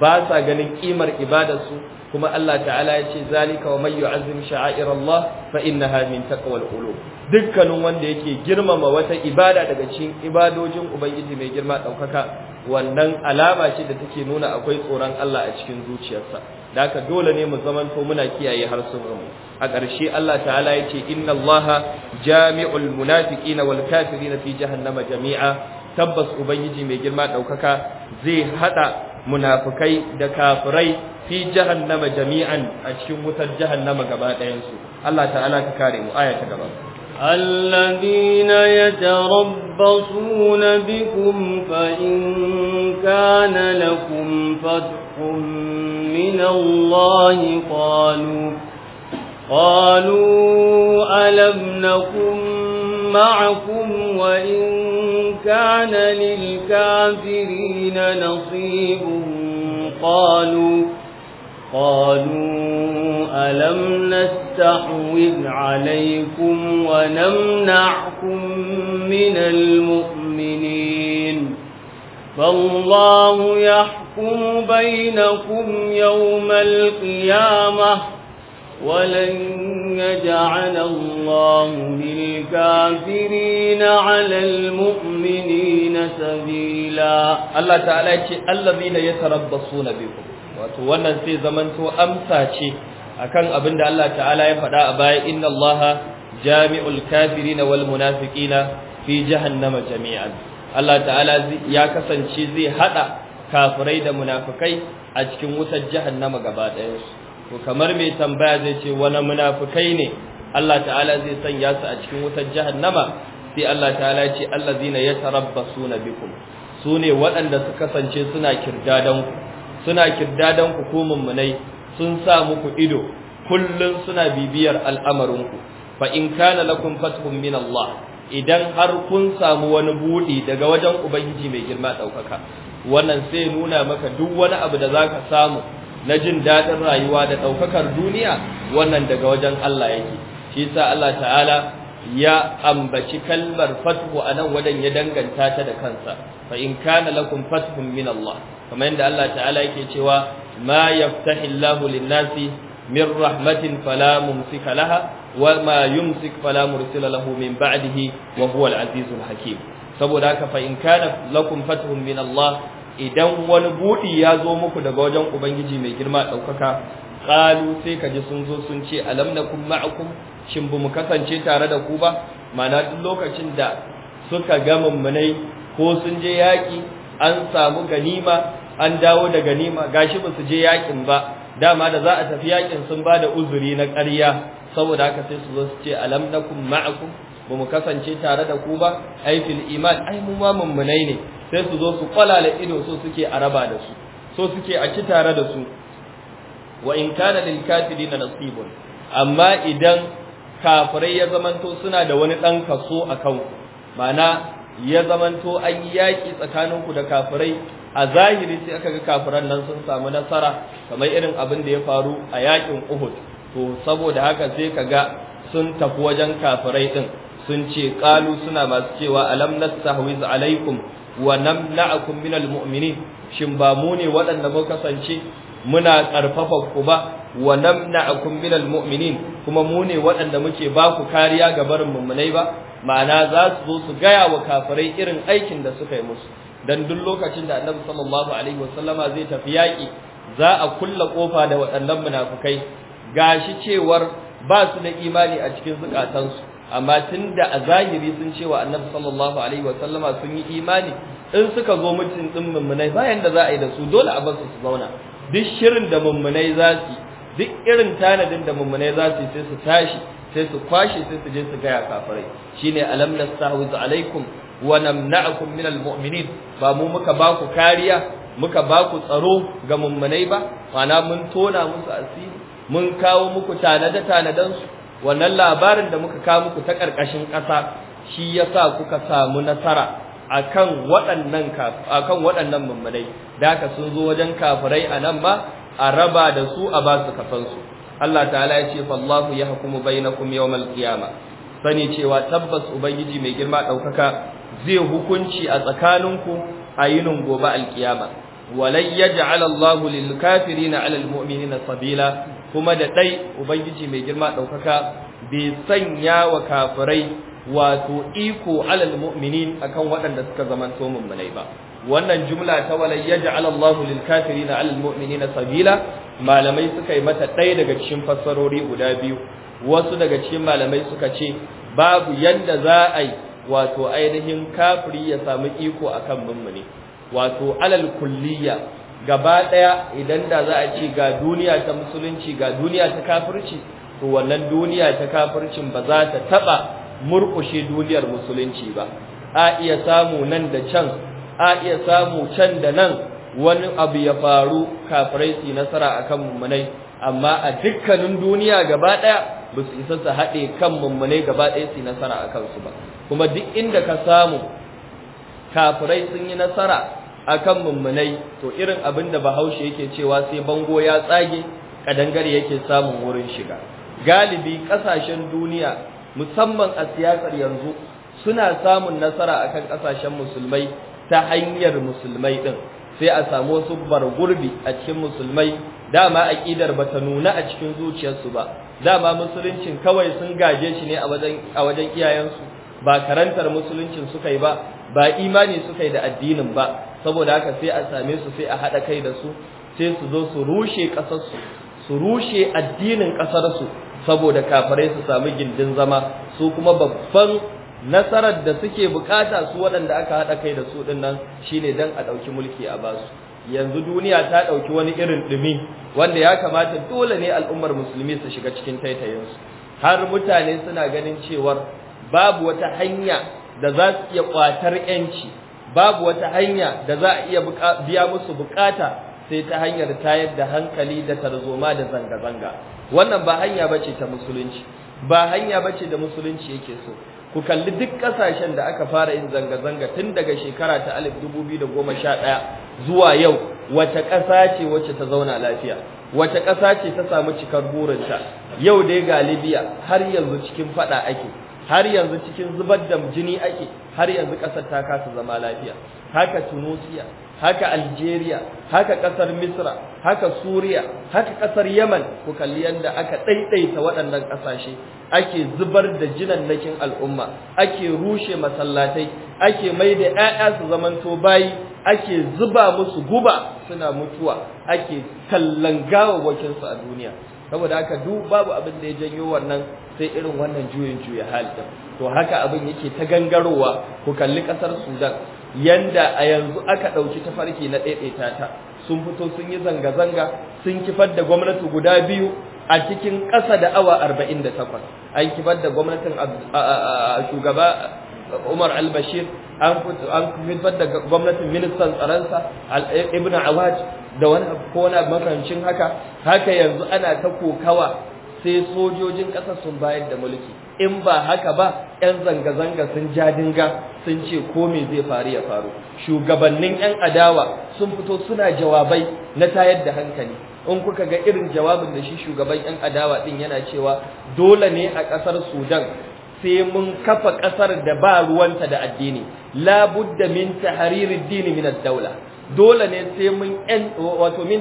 ba sa ganin kimar ibadarsu kuma Allah ta'ala ya ce zalika wa azumin yu'azzim sha'air Allah fa innaha min taqwal qulub dukkanin wanda yake girmama wata ibada daga cikin ibadojin ubangiji mai girma daukaka wannan alama ce da take nuna akwai tsoron Allah a cikin zuciyarsa da haka dole ne mu zamanto muna kiyaye harsunmu a ƙarshe Allah ta'ala ya ce inna Allah jami'ul munafiqina wal kafirina fi jahannama jami'a tabbas ubangiji mai girma daukaka zai hada munafikai da kafirai fi jahannama jami'an a cikin wutar jahannama gaba ɗayan su Allah ta'ala ka kare mu aya ta gaba الذين يتربصون بكم فإن كان لكم فتح من الله قالوا قالوا ألم نكن معكم وإن كان للكافرين نصيب قالوا قالوا ألم نستحوذ عليكم ونمنعكم من المؤمنين فالله يحكم بينكم يوم القيامة ولن يجعل الله للكافرين على المؤمنين سبيلا الله تعالى الذين يتربصون بكم wato wannan sai zamanto amsa ce akan abin da Allah ta'ala ya faɗa a baya inna Allah jami'ul kafirina wal munafiqina fi jahannama jami'an Allah ta'ala ya kasance zai hada kafirai da munafikai a cikin wutar jahannama gaba ɗaya to kamar mai tambaya zai ce wani munafikai ne Allah ta'ala zai sanya su a cikin wutar jahannama sai Allah ta'ala ya ce allazina yatarabbasuna bikum sune waɗanda suka kasance suna kirdadan ku suna kirdadan ku mu nayi, sun sa muku ido kullun suna bibiyar al'amarinku fa in kana lakum fathun min Allah idan har kun samu wani budi daga wajen ubangiji mai girma daukaka wannan sai nuna maka duk wani abu da zaka samu na jin dadin rayuwa da daukakar duniya wannan daga wajen Allah yake shi sa Allah ta'ala ya ambaci kalmar fathu anan wadan ya danganta ta da kansa fa in kana lakum fathun min Allah kamar yadda Allah ta'ala yake cewa ma yaftahi lin-nasi min rahmatin fala mumsika laha wa ma yumsik fala mursila lahu min ba'dihi wa huwa al-azizul hakim saboda haka fa in kana lakum fathun min Allah idan wani buɗi ya zo muku daga wajen Ubangiji mai girma ɗaukaka, ƙalu sai ka ji sun zo sun ce, Alam na kun shin bu mu kasance tare da ku ba Ma'ana duk lokacin da suka ga mummunai ko sun je yaƙi an samu ganima an dawo da ganima gashi ba su je yaƙin ba dama da za a tafi yaƙin sun ba da uzuri na ƙarya saboda haka sai su zo su ce alam nakum ma'akum ba mu kasance tare da ku ba ai iman ai mu ma mummunai ne sai su zo su kwalala ido so suke a raba da su so suke a ci tare da su wa in kana lil kafirin nasibun amma idan kafirai ya zamanto suna da wani ɗan kaso a kan mana ya zamanto an yi yaƙi tsakaninku da kafirai a zahiri sai aka ga kafiran nan sun samu nasara kamar irin abin da ya faru a yaƙin Uhud to saboda haka sai ka ga sun tafi wajen kafirai ɗin sun ce ƙalu suna masu cewa alam nastahwiz alaikum wa namna'akum minal mu'minin shin ba mu ne waɗanda muka kasance muna ƙarfafa ku ba wa namna'akum minal mu'minin kuma mu ne waɗanda muke ba ku kariya ga barin mummunai ba ma'ana za su zo su gaya wa kafirai irin aikin da suka yi musu dan duk lokacin da Annabi sallallahu alaihi wasallama zai tafi yaki za a kulla kofa da waɗannan munafukai gashi cewar ba su da imani a cikin zukatansu amma tunda a zahiri sun ce wa Annabi sallallahu alaihi wasallama sun yi imani in suka zo mutum din mummunai bayan da za a yi da su dole a bar su su zauna duk shirin da mummunai za su duk irin tanadin da mummunai za su sai su tashi sai su kwashe sai su je su gaya kafirai shine alam nastahuz alaikum wa namna'akum min almu'minin ba mu muka ba ku kariya muka ba ku tsaro ga mummunai ba mana mun tona musu asiri mun kawo muku tanada tanadan su wannan labarin da muka kawo muku ta karkashin ƙasa shi yasa kuka samu nasara akan waɗannan akan waɗannan mummunai da haka sun zo wajen kafirai anan ma a raba da su a ba su kafansu Allah ta'ala ya ce fallahu yahkumu bainakum yawmal qiyama sani cewa tabbas ubangiji mai girma daukaka zai hukunci a tsakaninku a yinin gobe alkiyama walai yaj'al Allahu lil kafirina 'ala al mu'minina sabila kuma da dai ubangiji mai girma daukaka bai sanya wa kafirai wato iko alal mu'minin akan waɗanda suka zamanto mummunai ba wannan jumla ta wala yaj'al Allahu lil kafirina alal mu'minina sabila malamai suka yi mata ɗaya daga cikin fassarori guda biyu wasu daga cikin malamai suka ce babu yanda za a yi wato ainihin kafiri ya samu iko akan mummuni wato alal kulliya gaba ɗaya idan da za a ce ga duniya ta musulunci ga duniya ta kafirci to wannan duniya ta kafircin ba za ta taɓa murƙushe duniyar musulunci ba a iya samu nan da can a iya samu can da nan wani abu ya faru kafirai su nasara akan mummunai amma a dukkanin duniya gaba ɗaya ba su isa su haɗe kan mummunai gaba ɗaya su nasara akan su ba kuma duk inda ka samu kafirai sun yi nasara akan mummunai to irin abin da bahaushe yake cewa sai bango ya tsage kadangare yake samun wurin shiga galibi ƙasashen duniya musamman a siyasar yanzu suna samun nasara akan kasashen musulmai ta hanyar musulmai din sai a samu wasu bargurbi a cikin musulmai dama aqidar bata nuna a cikin zuciyarsu ba dama musuluncin kawai sun gaje shi ne a wajen a wajen iyayensu ba karantar musuluncin suka yi ba ba imani suka yi da addinin ba saboda haka sai a same su sai a hada kai da su sai su zo su rushe kasarsu su rushe addinin kasarsu saboda kafirai su samu gindin zama su kuma babban nasarar da suke bukata su waɗanda aka haɗa kai da su ɗin nan shine dan a ɗauki mulki a basu yanzu duniya ta ɗauki wani irin ɗumi wanda ya kamata dole ne al'ummar musulmi su shiga cikin taitayinsu har mutane suna ganin cewar babu wata hanya da za su iya ƙwatar ‘yanci babu wata hanya da za a iya biya musu bukata sai ta hanyar tayar da hankali da tarzoma da zanga-zanga wannan ba hanya bace ta musulunci ba hanya bace da musulunci yake so ku kalli duk kasashen da aka fara yin zanga-zanga tun daga shekara ta 2011 zuwa yau wata ƙasa ce wacce ta zauna lafiya wata ƙasa ce ta samu cikar burinta yau dai ga Libya har yanzu cikin fada ake har yanzu cikin zubar da jini ake har yanzu kasar ta kasa zama lafiya haka Tunisia haka Algeria haka kasar Misra haka Suriya haka kasar Yemen ku kalli yanda aka daidaita waɗannan kasashe ake zubar da jinannakin al'umma ake rushe masallatai ake da ƴaƴa su zamanto bayi ake zuba musu guba suna mutuwa ake kallon gawawwakinsu a duniya saboda haka duk babu abin da ya janyo wannan sai irin wannan juyin juya hali to haka abin yake ta gangarowa ku kalli ƙasar Sudan yanda a yanzu aka ɗauki tafarki na ɗaiɗaita ta sun fito sun yi zanga zanga sun kifar da gwamnati guda biyu a cikin ƙasa da awa arba'in da takwas. an kifar da gwamnatin shugaba Umar al-Bashir an kubar da gwamnatin ministan tsaronsa Ibn Awad da wani ko wani makarancin haka haka yanzu ana ta kokawa sai sojojin ƙasar sun bayar da mulki in ba haka ba 'yan zanga-zanga sun ja dinga sun ce ko me zai faru ya faru shugabannin 'yan adawa sun fito suna jawabai na tayar da hankali in kuka ga irin jawabin da shi shugaban 'yan adawa din yana cewa dole ne a ƙasar sudan sai mun kafa ƙasar da ba ruwanta da addini la budda min tahririd dini min ad dole ne sai mun en wato min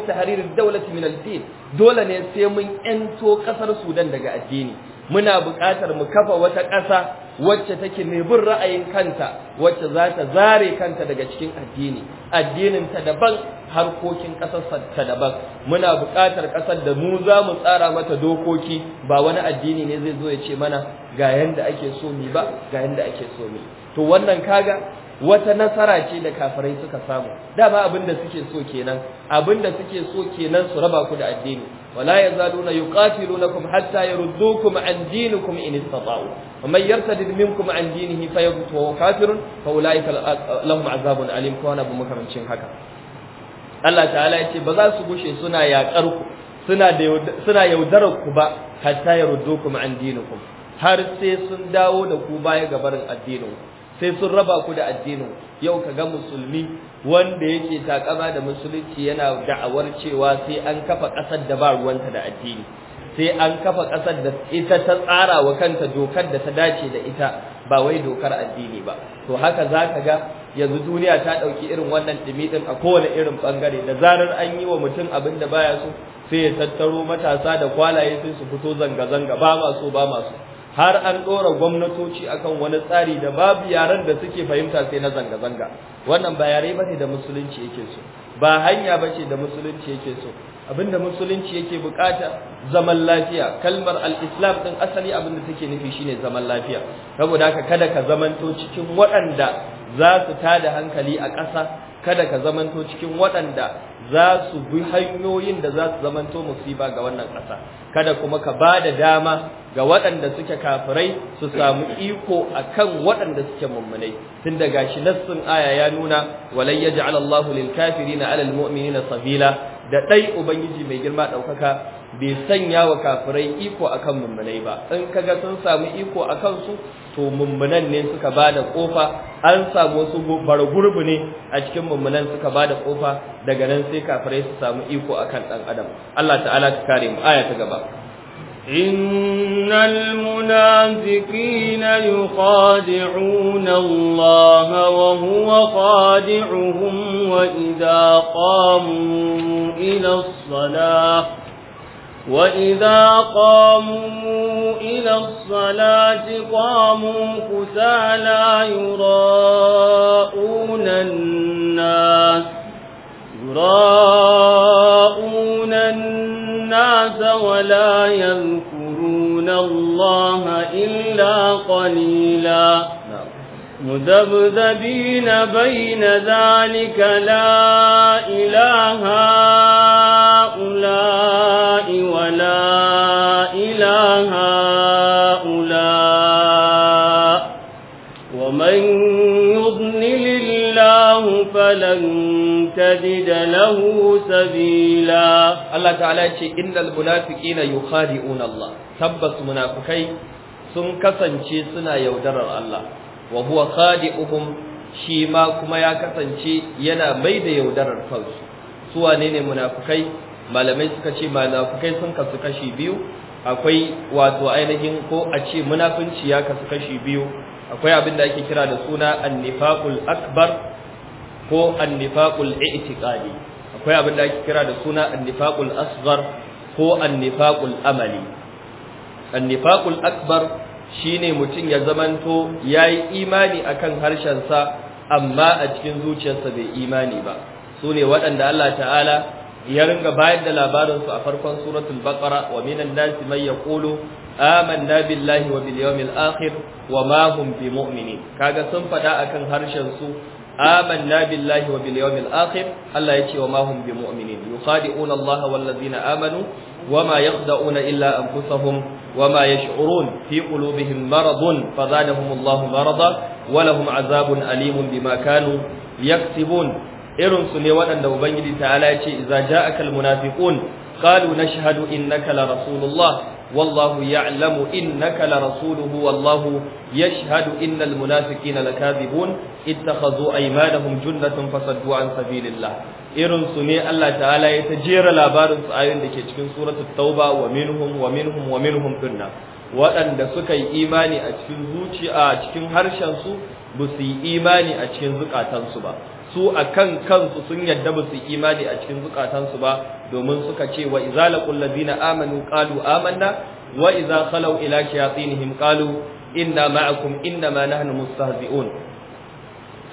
dawlati min din dole ne sai mun ƙasar Sudan daga addini muna buƙatar mu kafa wata ƙasa wacce take mai bin ra'ayin kanta wacce za ta zare kanta daga cikin addini addinin ta daban harkokin ƙasar ta daban muna buƙatar ƙasar da mu za mu tsara mata dokoki ba wani addini ne zai zo ya ce mana ga yanda ake so mi ba ga yanda ake so mi to wannan kaga wata nasara ce da kafirai suka samu dama abin da suke so kenan abin da suke so kenan su raba ku da addini ولا يزالون يقاتلونكم حتى يردوكم عن دينكم إن استطاعوا ومن يرتد منكم عن دينه فيمت وهو كافر فأولئك لهم عذاب أليم كون أبو مكة من شين حكا الله تعالى يتي بذا سبوشي سنا يا كركو سنا, سنا يودركو با حتى يردوكم عن دينكم har sai sun dawo da ku baya gabarin addininku sai sun raba ku da addinin yau ka ga musulmi wanda yake takama da musulunci yana da'awar cewa sai an kafa kasar da ba ruwanta da addini sai an kafa kasar da ita ta tsara wa kanta dokar da ta dace da ita ba wai dokar addini ba to haka za ka ga yanzu duniya ta ɗauki irin wannan ɗimi ɗin a kowane irin bangare da zarar an yi wa mutum abin da baya so sai ya tattaro matasa da kwalaye sai su fito zanga-zanga ba masu ba masu har an ɗora gwamnatoci akan wani tsari da babu yaren da suke fahimta sai na zanga-zanga wannan ba yare bane da musulunci yake so ba hanya bace da musulunci yake so abinda musulunci yake bukata zaman lafiya kalmar al-islam ɗin asali abinda take nufi shine zaman lafiya saboda haka kada ka zamanto cikin waɗanda za su tada hankali a ƙasa kada ka zamanto cikin waɗanda za su bi hanyoyin da za su zamanto musiba ga wannan ƙasa kada kuma ka ba da dama ga waɗanda suke kafirai su samu iko akan waɗanda suke mummunai tun da gashi nassin aya ya nuna walai yaj'al Allahu lil kafirina 'ala al mu'minina sabila da dai ubangiji mai girma daukaka bai sanya wa kafirai iko akan mummunai ba in kaga sun samu iko akan su to mummunan ne suka bada kofa an samu su gurbi ne a cikin mummunan suka bada kofa daga nan sai kafirai su samu iko akan dan adam Allah ta'ala ka kare mu aya ta gaba innal munafiqina yuqadi'una Allah wa huwa qadi'uhum wa idha qamu ila as-salah وإذا قاموا إلى الصلاة قاموا لا يراءون الناس يراؤون الناس ولا يذكرون الله إلا قليلا مذبذبين بين ذلك لا إله هؤلاء هؤلاء ولا إلى هؤلاء ومن يضلل الله فلن تجد له سبيلا الله تعالى يقول إن المنافقين يخادعون الله تبس منافقين sun kasance suna yaudarar Allah wa huwa khadi'uhum shi ma kuma ya kasance yana mai da yaudarar kansu su wane ne munafikai malamai suka ce malafukai sun kasu kashi biyu akwai wato ainihin ko a ce munafinci ya kasu kashi biyu akwai abin da ake kira da suna annifaqul akbar ko annifaqul i'tiqadi akwai abin da ake kira da suna annifaqul asghar ko annifaqul amali annifaqul akbar shine mutum ya zamanto yayi imani akan harshen sa amma a cikin zuciyarsa bai imani ba sune waɗanda Allah ta'ala ya ringa bayar da labarinsu a farkon suratul baqara wa minan nasi man yaqulu amanna billahi wa bil yawmil akhir wa ma hum kaga sun fada akan harshen su amanna billahi wa bil yawmil akhir Allah yace wa ma hum bimu'minin yukhadi'una Allah wal ladina amanu wa ma yakhda'una illa anfusahum wa ma yash'urun fi qulubihim maradun fadadahum Allah marada wa lahum azabun alimun bima kanu yaktibun irin su ne waɗanda ubangiji ta'ala ya ce idza Ƙalu na shahadu in naka la rasulullah wallahu ya'lamu naka la rasuluhu wallahu yashhadu innal munafiqina lakadhibun ittakhadhu aymanahum junnatan fasaddu an sabilillah irin su ne Allah ta'ala ya ta jera labarin su ayoyin da ke cikin suratul tauba wa minhum wa minhum wa minhum dunna waɗanda suka yi imani a cikin zuciya a cikin harshen su ba su yi imani a cikin zukatansu ba su a kan kansu sun yadda ba su imani a cikin zukatansu ba domin suka ce wa iza laqul ladina amanu qalu amanna wa iza khalu ila shayatinihim qalu inna ma'akum inna ma nahnu mustahzi'un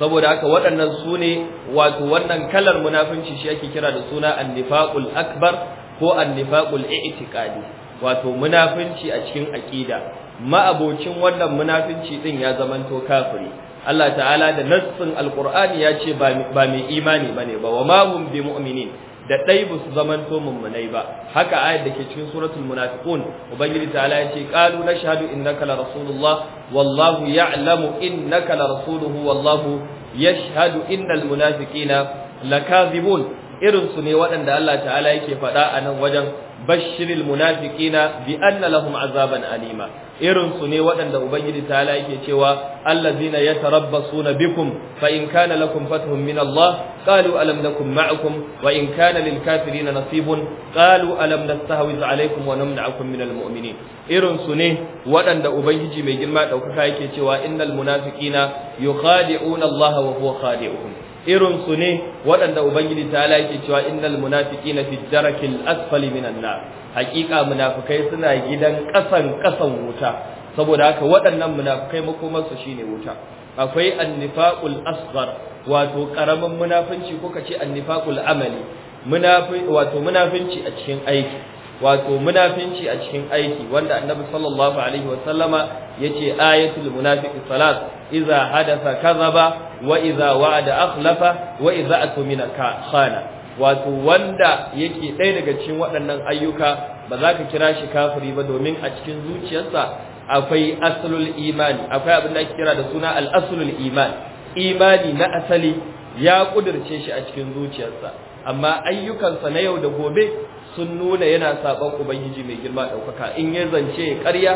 saboda haka waɗannan su ne wato wannan kalar munafinci shi ake kira da suna annifaqul akbar ko annifaqul i'tiqadi wato munafunci a cikin aqida ma'abocin wannan munafinci din ya zamanto kafiri Allah ta'ala da nassin alkur'ani ya ce ba mai imani ne ba wa ma bi da ɗai ba su zamanto munai ba haka ayat da ke cikin suratul munafiqun ubangiji ta'ala ya ce qalu nashhadu innaka la rasulullah wallahu ya'lamu innaka la rasuluhu wallahu yashhadu innal munafiqina lakazibun irin su ne waɗanda Allah ta'ala yake faɗa a nan wajen bashiril munafiqina bi anna lahum azaban alima irinsu ne waɗanda ubangiji ta'ala yake cewa allazina yatarabbasuna bikum fa in kana lakum fathun min Allah qalu alam nakum ma'akum wa in kana lil kafirin nasibun qalu alam nastahwiz alaykum wa namna'akum min al mu'minin irin ne waɗanda ubangiji mai girma daukaka yake cewa innal munafiqina yukhadi'una Allah wa huwa khadi'uhum irin su ne waɗanda ubangiji ta yake cewa innal munafiqina fi darakil asfali minan na haƙiƙa munafukai suna gidan ƙasan ƙasan wuta saboda haka waɗannan munafikai makomar su shine wuta akwai annifaqul asghar wato karamin munafinci ko kace annifaqul amali munafi wato munafinci a cikin aiki wato munafinci a cikin aiki wanda annabi sallallahu alaihi wa sallama yace ayatul munafiqi salat idza hadatha kadhaba wa idza wa'ada akhlafa wa idza atmina khana wato wanda yake ɗaya daga cikin waɗannan ayyuka ba za ka kira shi kafiri ba domin a cikin zuciyarsa akwai aslul imani akwai abin da ake kira da suna al aslul iman imani na asali ya kudirce shi a cikin zuciyarsa amma ayyukansa na yau da gobe sun nuna yana saban ubangiji mai girma daukaka in ya zance ya karya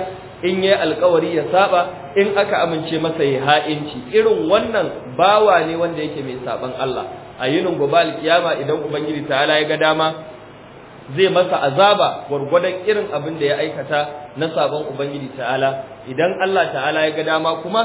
in ya alƙawari ya saba in aka amince masa ya ha'inci irin wannan bawa ne wanda yake mai saban Allah a yinin gobe alkiyama idan ubangiji ta'ala ya ga dama zai masa azaba gwargwadon irin abin da ya aikata na sabon ubangiji ta'ala idan Allah ta'ala ya ga dama kuma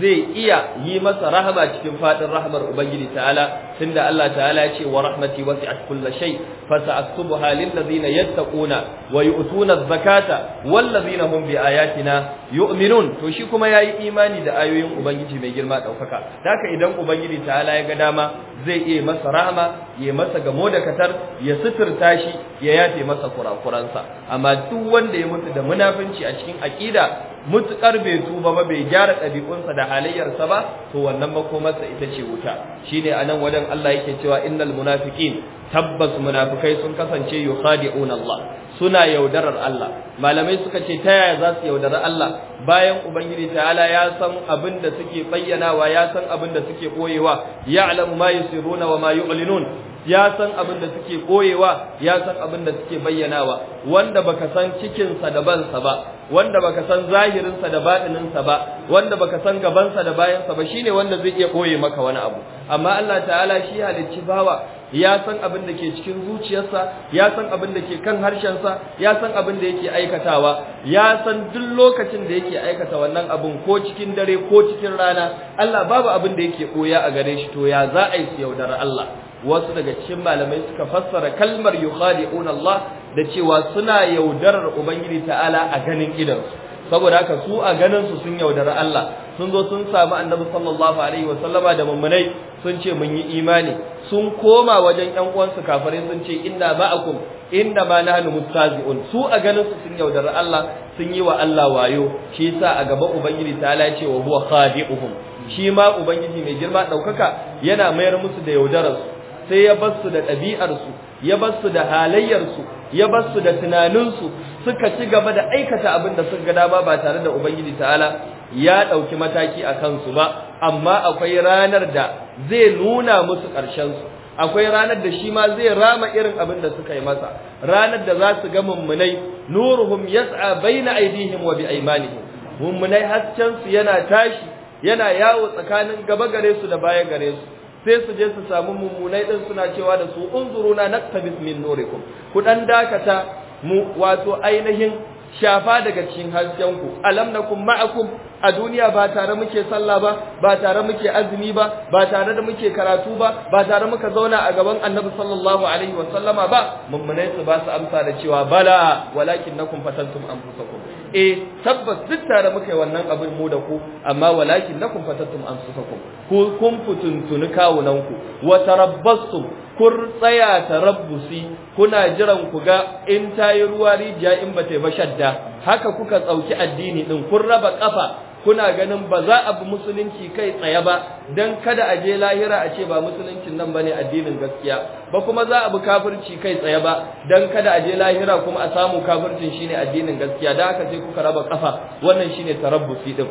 zai iya yi masa rahama cikin fadin rahmar ubangiji ta'ala tunda Allah ta'ala ya ce wa rahmati wasi'at kulli shay fasa'tubuha lil ladzina yattaquna wa yu'tuna az-zakata wal ladzina hum bi ayatina yu'minun to shi kuma yayi imani da ayoyin ubangiji mai girma daukaka daka idan ubangiji ta'ala ya ga dama zai iya masa rahama ya masa gamo da katar ya suturta shi ya yafe masa kurakuransa amma duk wanda ya mutu da munafinci a cikin aqida mutukar bai tuba ba bai gyara ɗabi'unsa da halayyarsa ba to wannan makomarsa ita ce wuta shine anan wadan Allah yake cewa innal munafiqin tabbas munafikai sun kasance yukhadi'un Allah suna yaudarar Allah malamai suka ce ta yaya za su yaudara Allah bayan ubangiji ta'ala ya san abin da suke bayyanawa ya san abin da suke koyewa ya'lamu ma yusiruna wa ma yu'linun ya san abin da suke koyewa ya san abin da suke bayyanawa wanda baka san cikinsa da bansa ba wanda baka san zahirinsa da baɗininsa ba wanda baka san gabansa da bayansa ba shine wanda zai iya koye maka wani abu amma Allah ta'ala shi halicci bawa ya san abin da ke cikin zuciyarsa ya san abin da ke kan harshen sa, ya san abin da yake aikatawa ya san duk lokacin da yake aikata wannan abin ko cikin dare ko cikin rana Allah babu abin da yake koya a gare shi to ya za a yi yaudar Allah wasu daga cikin malamai suka fassara kalmar yukhadi'un Allah da cewa suna yaudarar ubangiji ta'ala a ganin idan saboda haka su a ganin su sun yaudari Allah sun zo sun samu annabi sallallahu alaihi wa sallama da mummunai sun ce mun yi imani sun koma wajen ƴan uwansu kafare sun ce inna ba'akum inna ma nahnu mustazi'un su a ganin su sun yaudari Allah sun yi wa Allah wayo shi yasa a gaba ubangiji ta'ala ce wa huwa khadi'uhum shi ma ubangiji mai girma daukaka yana mayar musu da yaudararsu sai ya bar su da ɗabi'arsu ya bar su da halayyarsu ya bar su da tunaninsu suka ci gaba da aikata abin da suka ga dama ba tare da ubangiji ta'ala ya ɗauki mataki a kansu ba amma akwai ranar da zai nuna musu ƙarshensu akwai ranar da shi ma zai rama irin abin da suka yi masa ranar da za su ga mummunai nuruhum yas'a baina aydihim wa bi aymanihim mummunai hasken su yana tashi yana yawo tsakanin gaba gare su da baya gare su sai su je su samu mummunai ɗin suna cewa da su unzuruna na min nurikum ku ɗan dakata mu wato ainihin shafa daga cikin haskenku alam kun ma'akum a duniya ba tare muke sallah ba ba tare muke azumi ba ba tare da muke karatu ba ba tare muka zauna a gaban annabi sallallahu alaihi wa sallama ba mummunai su ba su amsa da cewa bala walakin nakum fatantum anfusakum eh tabbas duk tare muka yi wannan abin mu da ku amma walakin lakum fatattum anfusakum ku kun futuntuni kawunanku wa tarabbastum kun tsaya tarabbusi kuna jiran ku ga in tayi ruwa rijiya in bata ba shadda haka kuka tsauki addini din kun raba kafa kuna ganin ba za a bi musulunci kai tsaye ba dan kada a je lahira a ce ba musuluncin nan ba ne addinin gaskiya ba kuma za a bi kafirci kai tsaye ba dan kada a je lahira kuma a samu kafircin shine addinin gaskiya da haka sai kuka raba kafa wannan shine tarabbusi din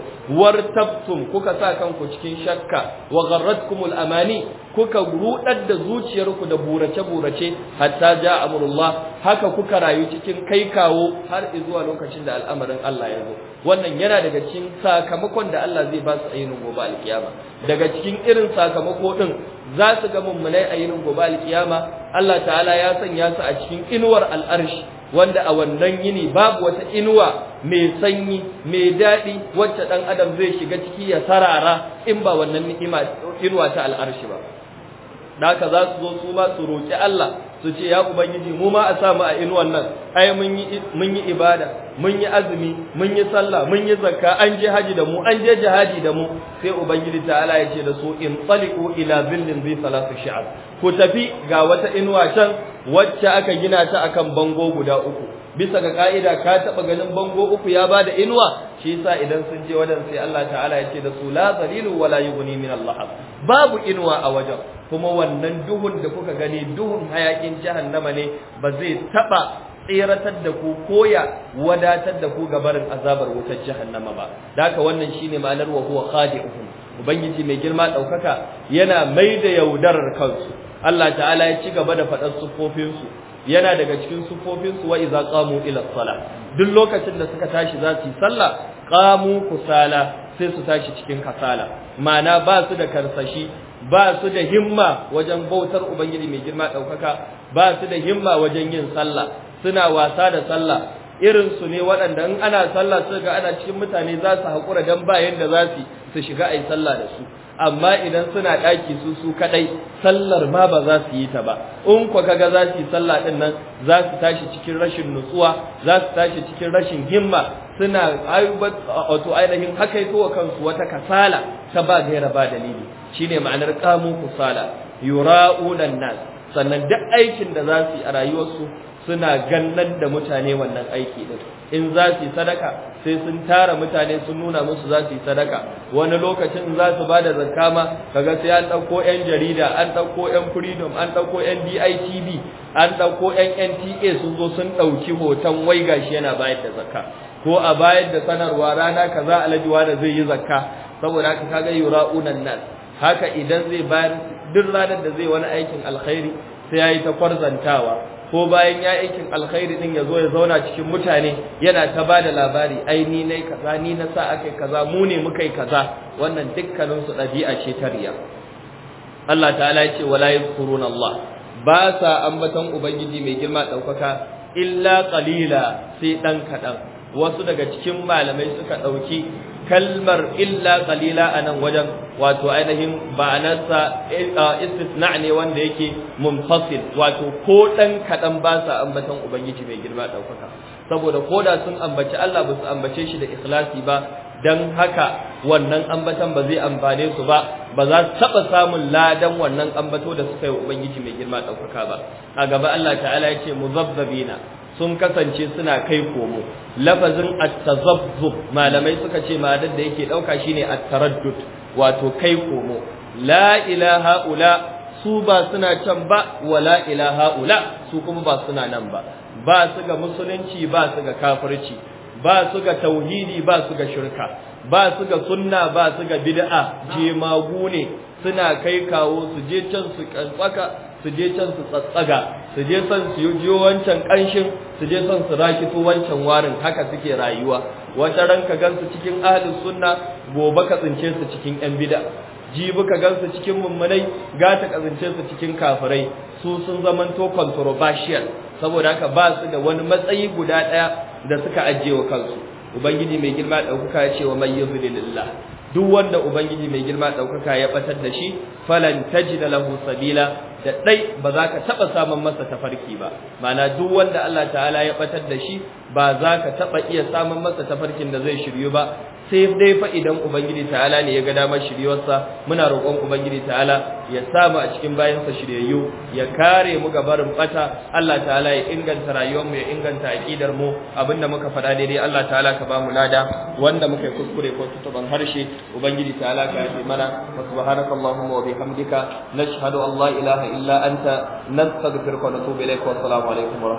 tabtum kuka sa kanku cikin shakka wa gharratkumul amani kuka rudar da zuciyarku da burace burace hatta ja amrullah haka kuka rayu cikin kai kawo har zuwa lokacin da al'amarin Allah ya zo wannan yana daga cikin sakamakon da Allah zai ba su a yinin gobe alkiyama daga cikin irin sakamako din za su ga mummunai a yinin gobe alkiyama Allah ta'ala ya sanya su a cikin inuwar al'arshi wanda a wannan yini babu wata inuwa mai sanyi mai daɗi wacce ɗan adam zai shiga ciki ya sarara in ba wannan ni'ima inuwa ta al'arshi ba da haka za su zo su ba su roƙi Allah su ce ya ubangiji mu ma a samu a inuwan nan ai mun yi ibada mun yi azumi mun yi sallah mun yi zakka an je haji da mu an je jihadi da mu sai ubangiji ta'ala ya ce da su in taliqu ila zillin bi salatu sha'ab ku tafi ga wata inuwa can wacce aka gina ta akan bango guda uku bisa ga ka'ida ka taba ganin bango uku ya bada inuwa shi yasa idan sun je wajen sai Allah ta'ala ya ce da su la zalilu wala yughni min Allah babu inuwa a wajen kuma wannan duhun da kuka gani duhun hayakin jahannama ne ba zai taba tseratar da ku koya wadatar da ku ga barin azabar wutar jahannama ba daka wannan shine ma'anar wa huwa khadi'uhum ubangiji mai girma daukaka yana mai da yaudarar kansu Allah ta'ala ya ci gaba da faɗan siffofinsu yana daga cikin siffofinsu wa iza qamu ila salat duk lokacin da suka tashi za su yi sallah qamu kusala sai su tashi cikin kasala ma'ana ba su da karsashi ba su da himma wajen bautar ubangiji mai girma daukaka ba su da himma wajen yin sallah suna wasa da sallah irin su ne waɗanda in ana sallah suka ga ana cikin mutane za su haƙura dan bayan da za su shiga ayi sallah da su amma idan suna ɗaki su su kaɗai sallar ma ba za su yi ta ba in kwa kaga za su yi sallah ɗin nan za su tashi cikin rashin nutsuwa za su tashi cikin rashin himma suna wato ainihin hakai yi kowa kansu wata kasala ta ba gaira ba dalili shine ma'anar kamu kusala yura'unan nas sannan duk aikin da za su yi a rayuwarsu suna gannan da mutane wannan aiki din in za su yi sadaka sai sun tara mutane sun nuna musu za su yi sadaka wani lokacin za su ba da zakka ma kaga sai an ɗauko 'yan jarida an ɗauko 'yan freedom an ɗauko 'yan bitv an ɗauko 'yan NTA sun zo sun ɗauki hoton wai gashi yana bayar da zakka ko a bayar da sanarwa rana kaza alhaji da zai yi zakka saboda haka kaga yura'unan nan, haka idan zai bayar duk ranar da zai wani aikin alkhairi sai yayi ta kwarzantawa ko bayan ya aikin alkhairi din ya zo ya zauna cikin mutane yana ta ba da labari ai ni nai kaza ni na sa akai kaza mu ne muka yi kaza wannan dukkanin su dabi'a ce ta riya Allah ta'ala yace ce wala yadhkuruna Allah ba sa ambaton ubangiji mai girma daukaka illa qalila sai dan kadan wasu daga cikin malamai suka ɗauki kalmar illa qalila a nan wajen wato ainihin ba'anarsa eh, istisna ne wanda yake mumfasil wato ko ɗan kaɗan ba sa ambaton ubangiji mai girma ɗaukaka saboda ko da sun ambaci Allah ba su ambace shi da ikhlasi ba don haka wannan ambatan ba zai amfane su ba ba za su taɓa samun ladan wannan ambato da suka yi ubangiji mai girma ɗaukaka ba a gaba Allah ta'ala ya ce muzabbabina sun kasance suna kai komo lafazin at-tazabbub malamai suka ce dan da yake dauka shine at-taraddud wato kai komo la ilaha ula su ba suna can ba wala ilaha ula su kuma ba suna nan ba ba su ga musulunci ba su ga kafirci ba su ga tauhidi ba su ga shirka ba su ga sunna ba su ga bid'a jemagu ne suna kai kawo su je can su tsaka su je can su tsatsaga su je son su yi wancan ƙanshin, su je son su raki su wancan warin haka suke rayuwa wata ran ka gansu cikin ahalin sunna gobe ka tsince su cikin yan bid'a jibi ka gansu cikin mummunai gata ka tsince su cikin kafirai su sun zamanto controversial saboda haka ba su da wani matsayi guda ɗaya da suka ajiye wa kansu ubangiji mai girma daukaka ya ce wa man yuzlilillah duk wanda ubangiji mai girma daukaka ya batar da shi falan tajida lahu sabila da ɗai ba za ka taɓa samun masa tafarki ba mana duk wanda Allah ta'ala ya batar da shi ba za ka taɓa iya samun masa tafarkin da zai shiryu ba sai dai fa idan ubangiji ta'ala ne ya ga damar shiryarsa muna roƙon ubangiji ta'ala ya samu a cikin bayansa shiryayyu ya kare mu ga barin bata Allah ta'ala ya inganta rayuwar mu ya inganta aqidar mu abinda muka faɗa daidai Allah ta'ala ka ba mu lada wanda muka yi kuskure ko tutuban harshe ubangiji ta'ala ka yafe mana wa subhanakallahumma wa bihamdika nashhadu an la ilaha illa anta nastaghfiruka wa natubu ilaik wa assalamu alaikum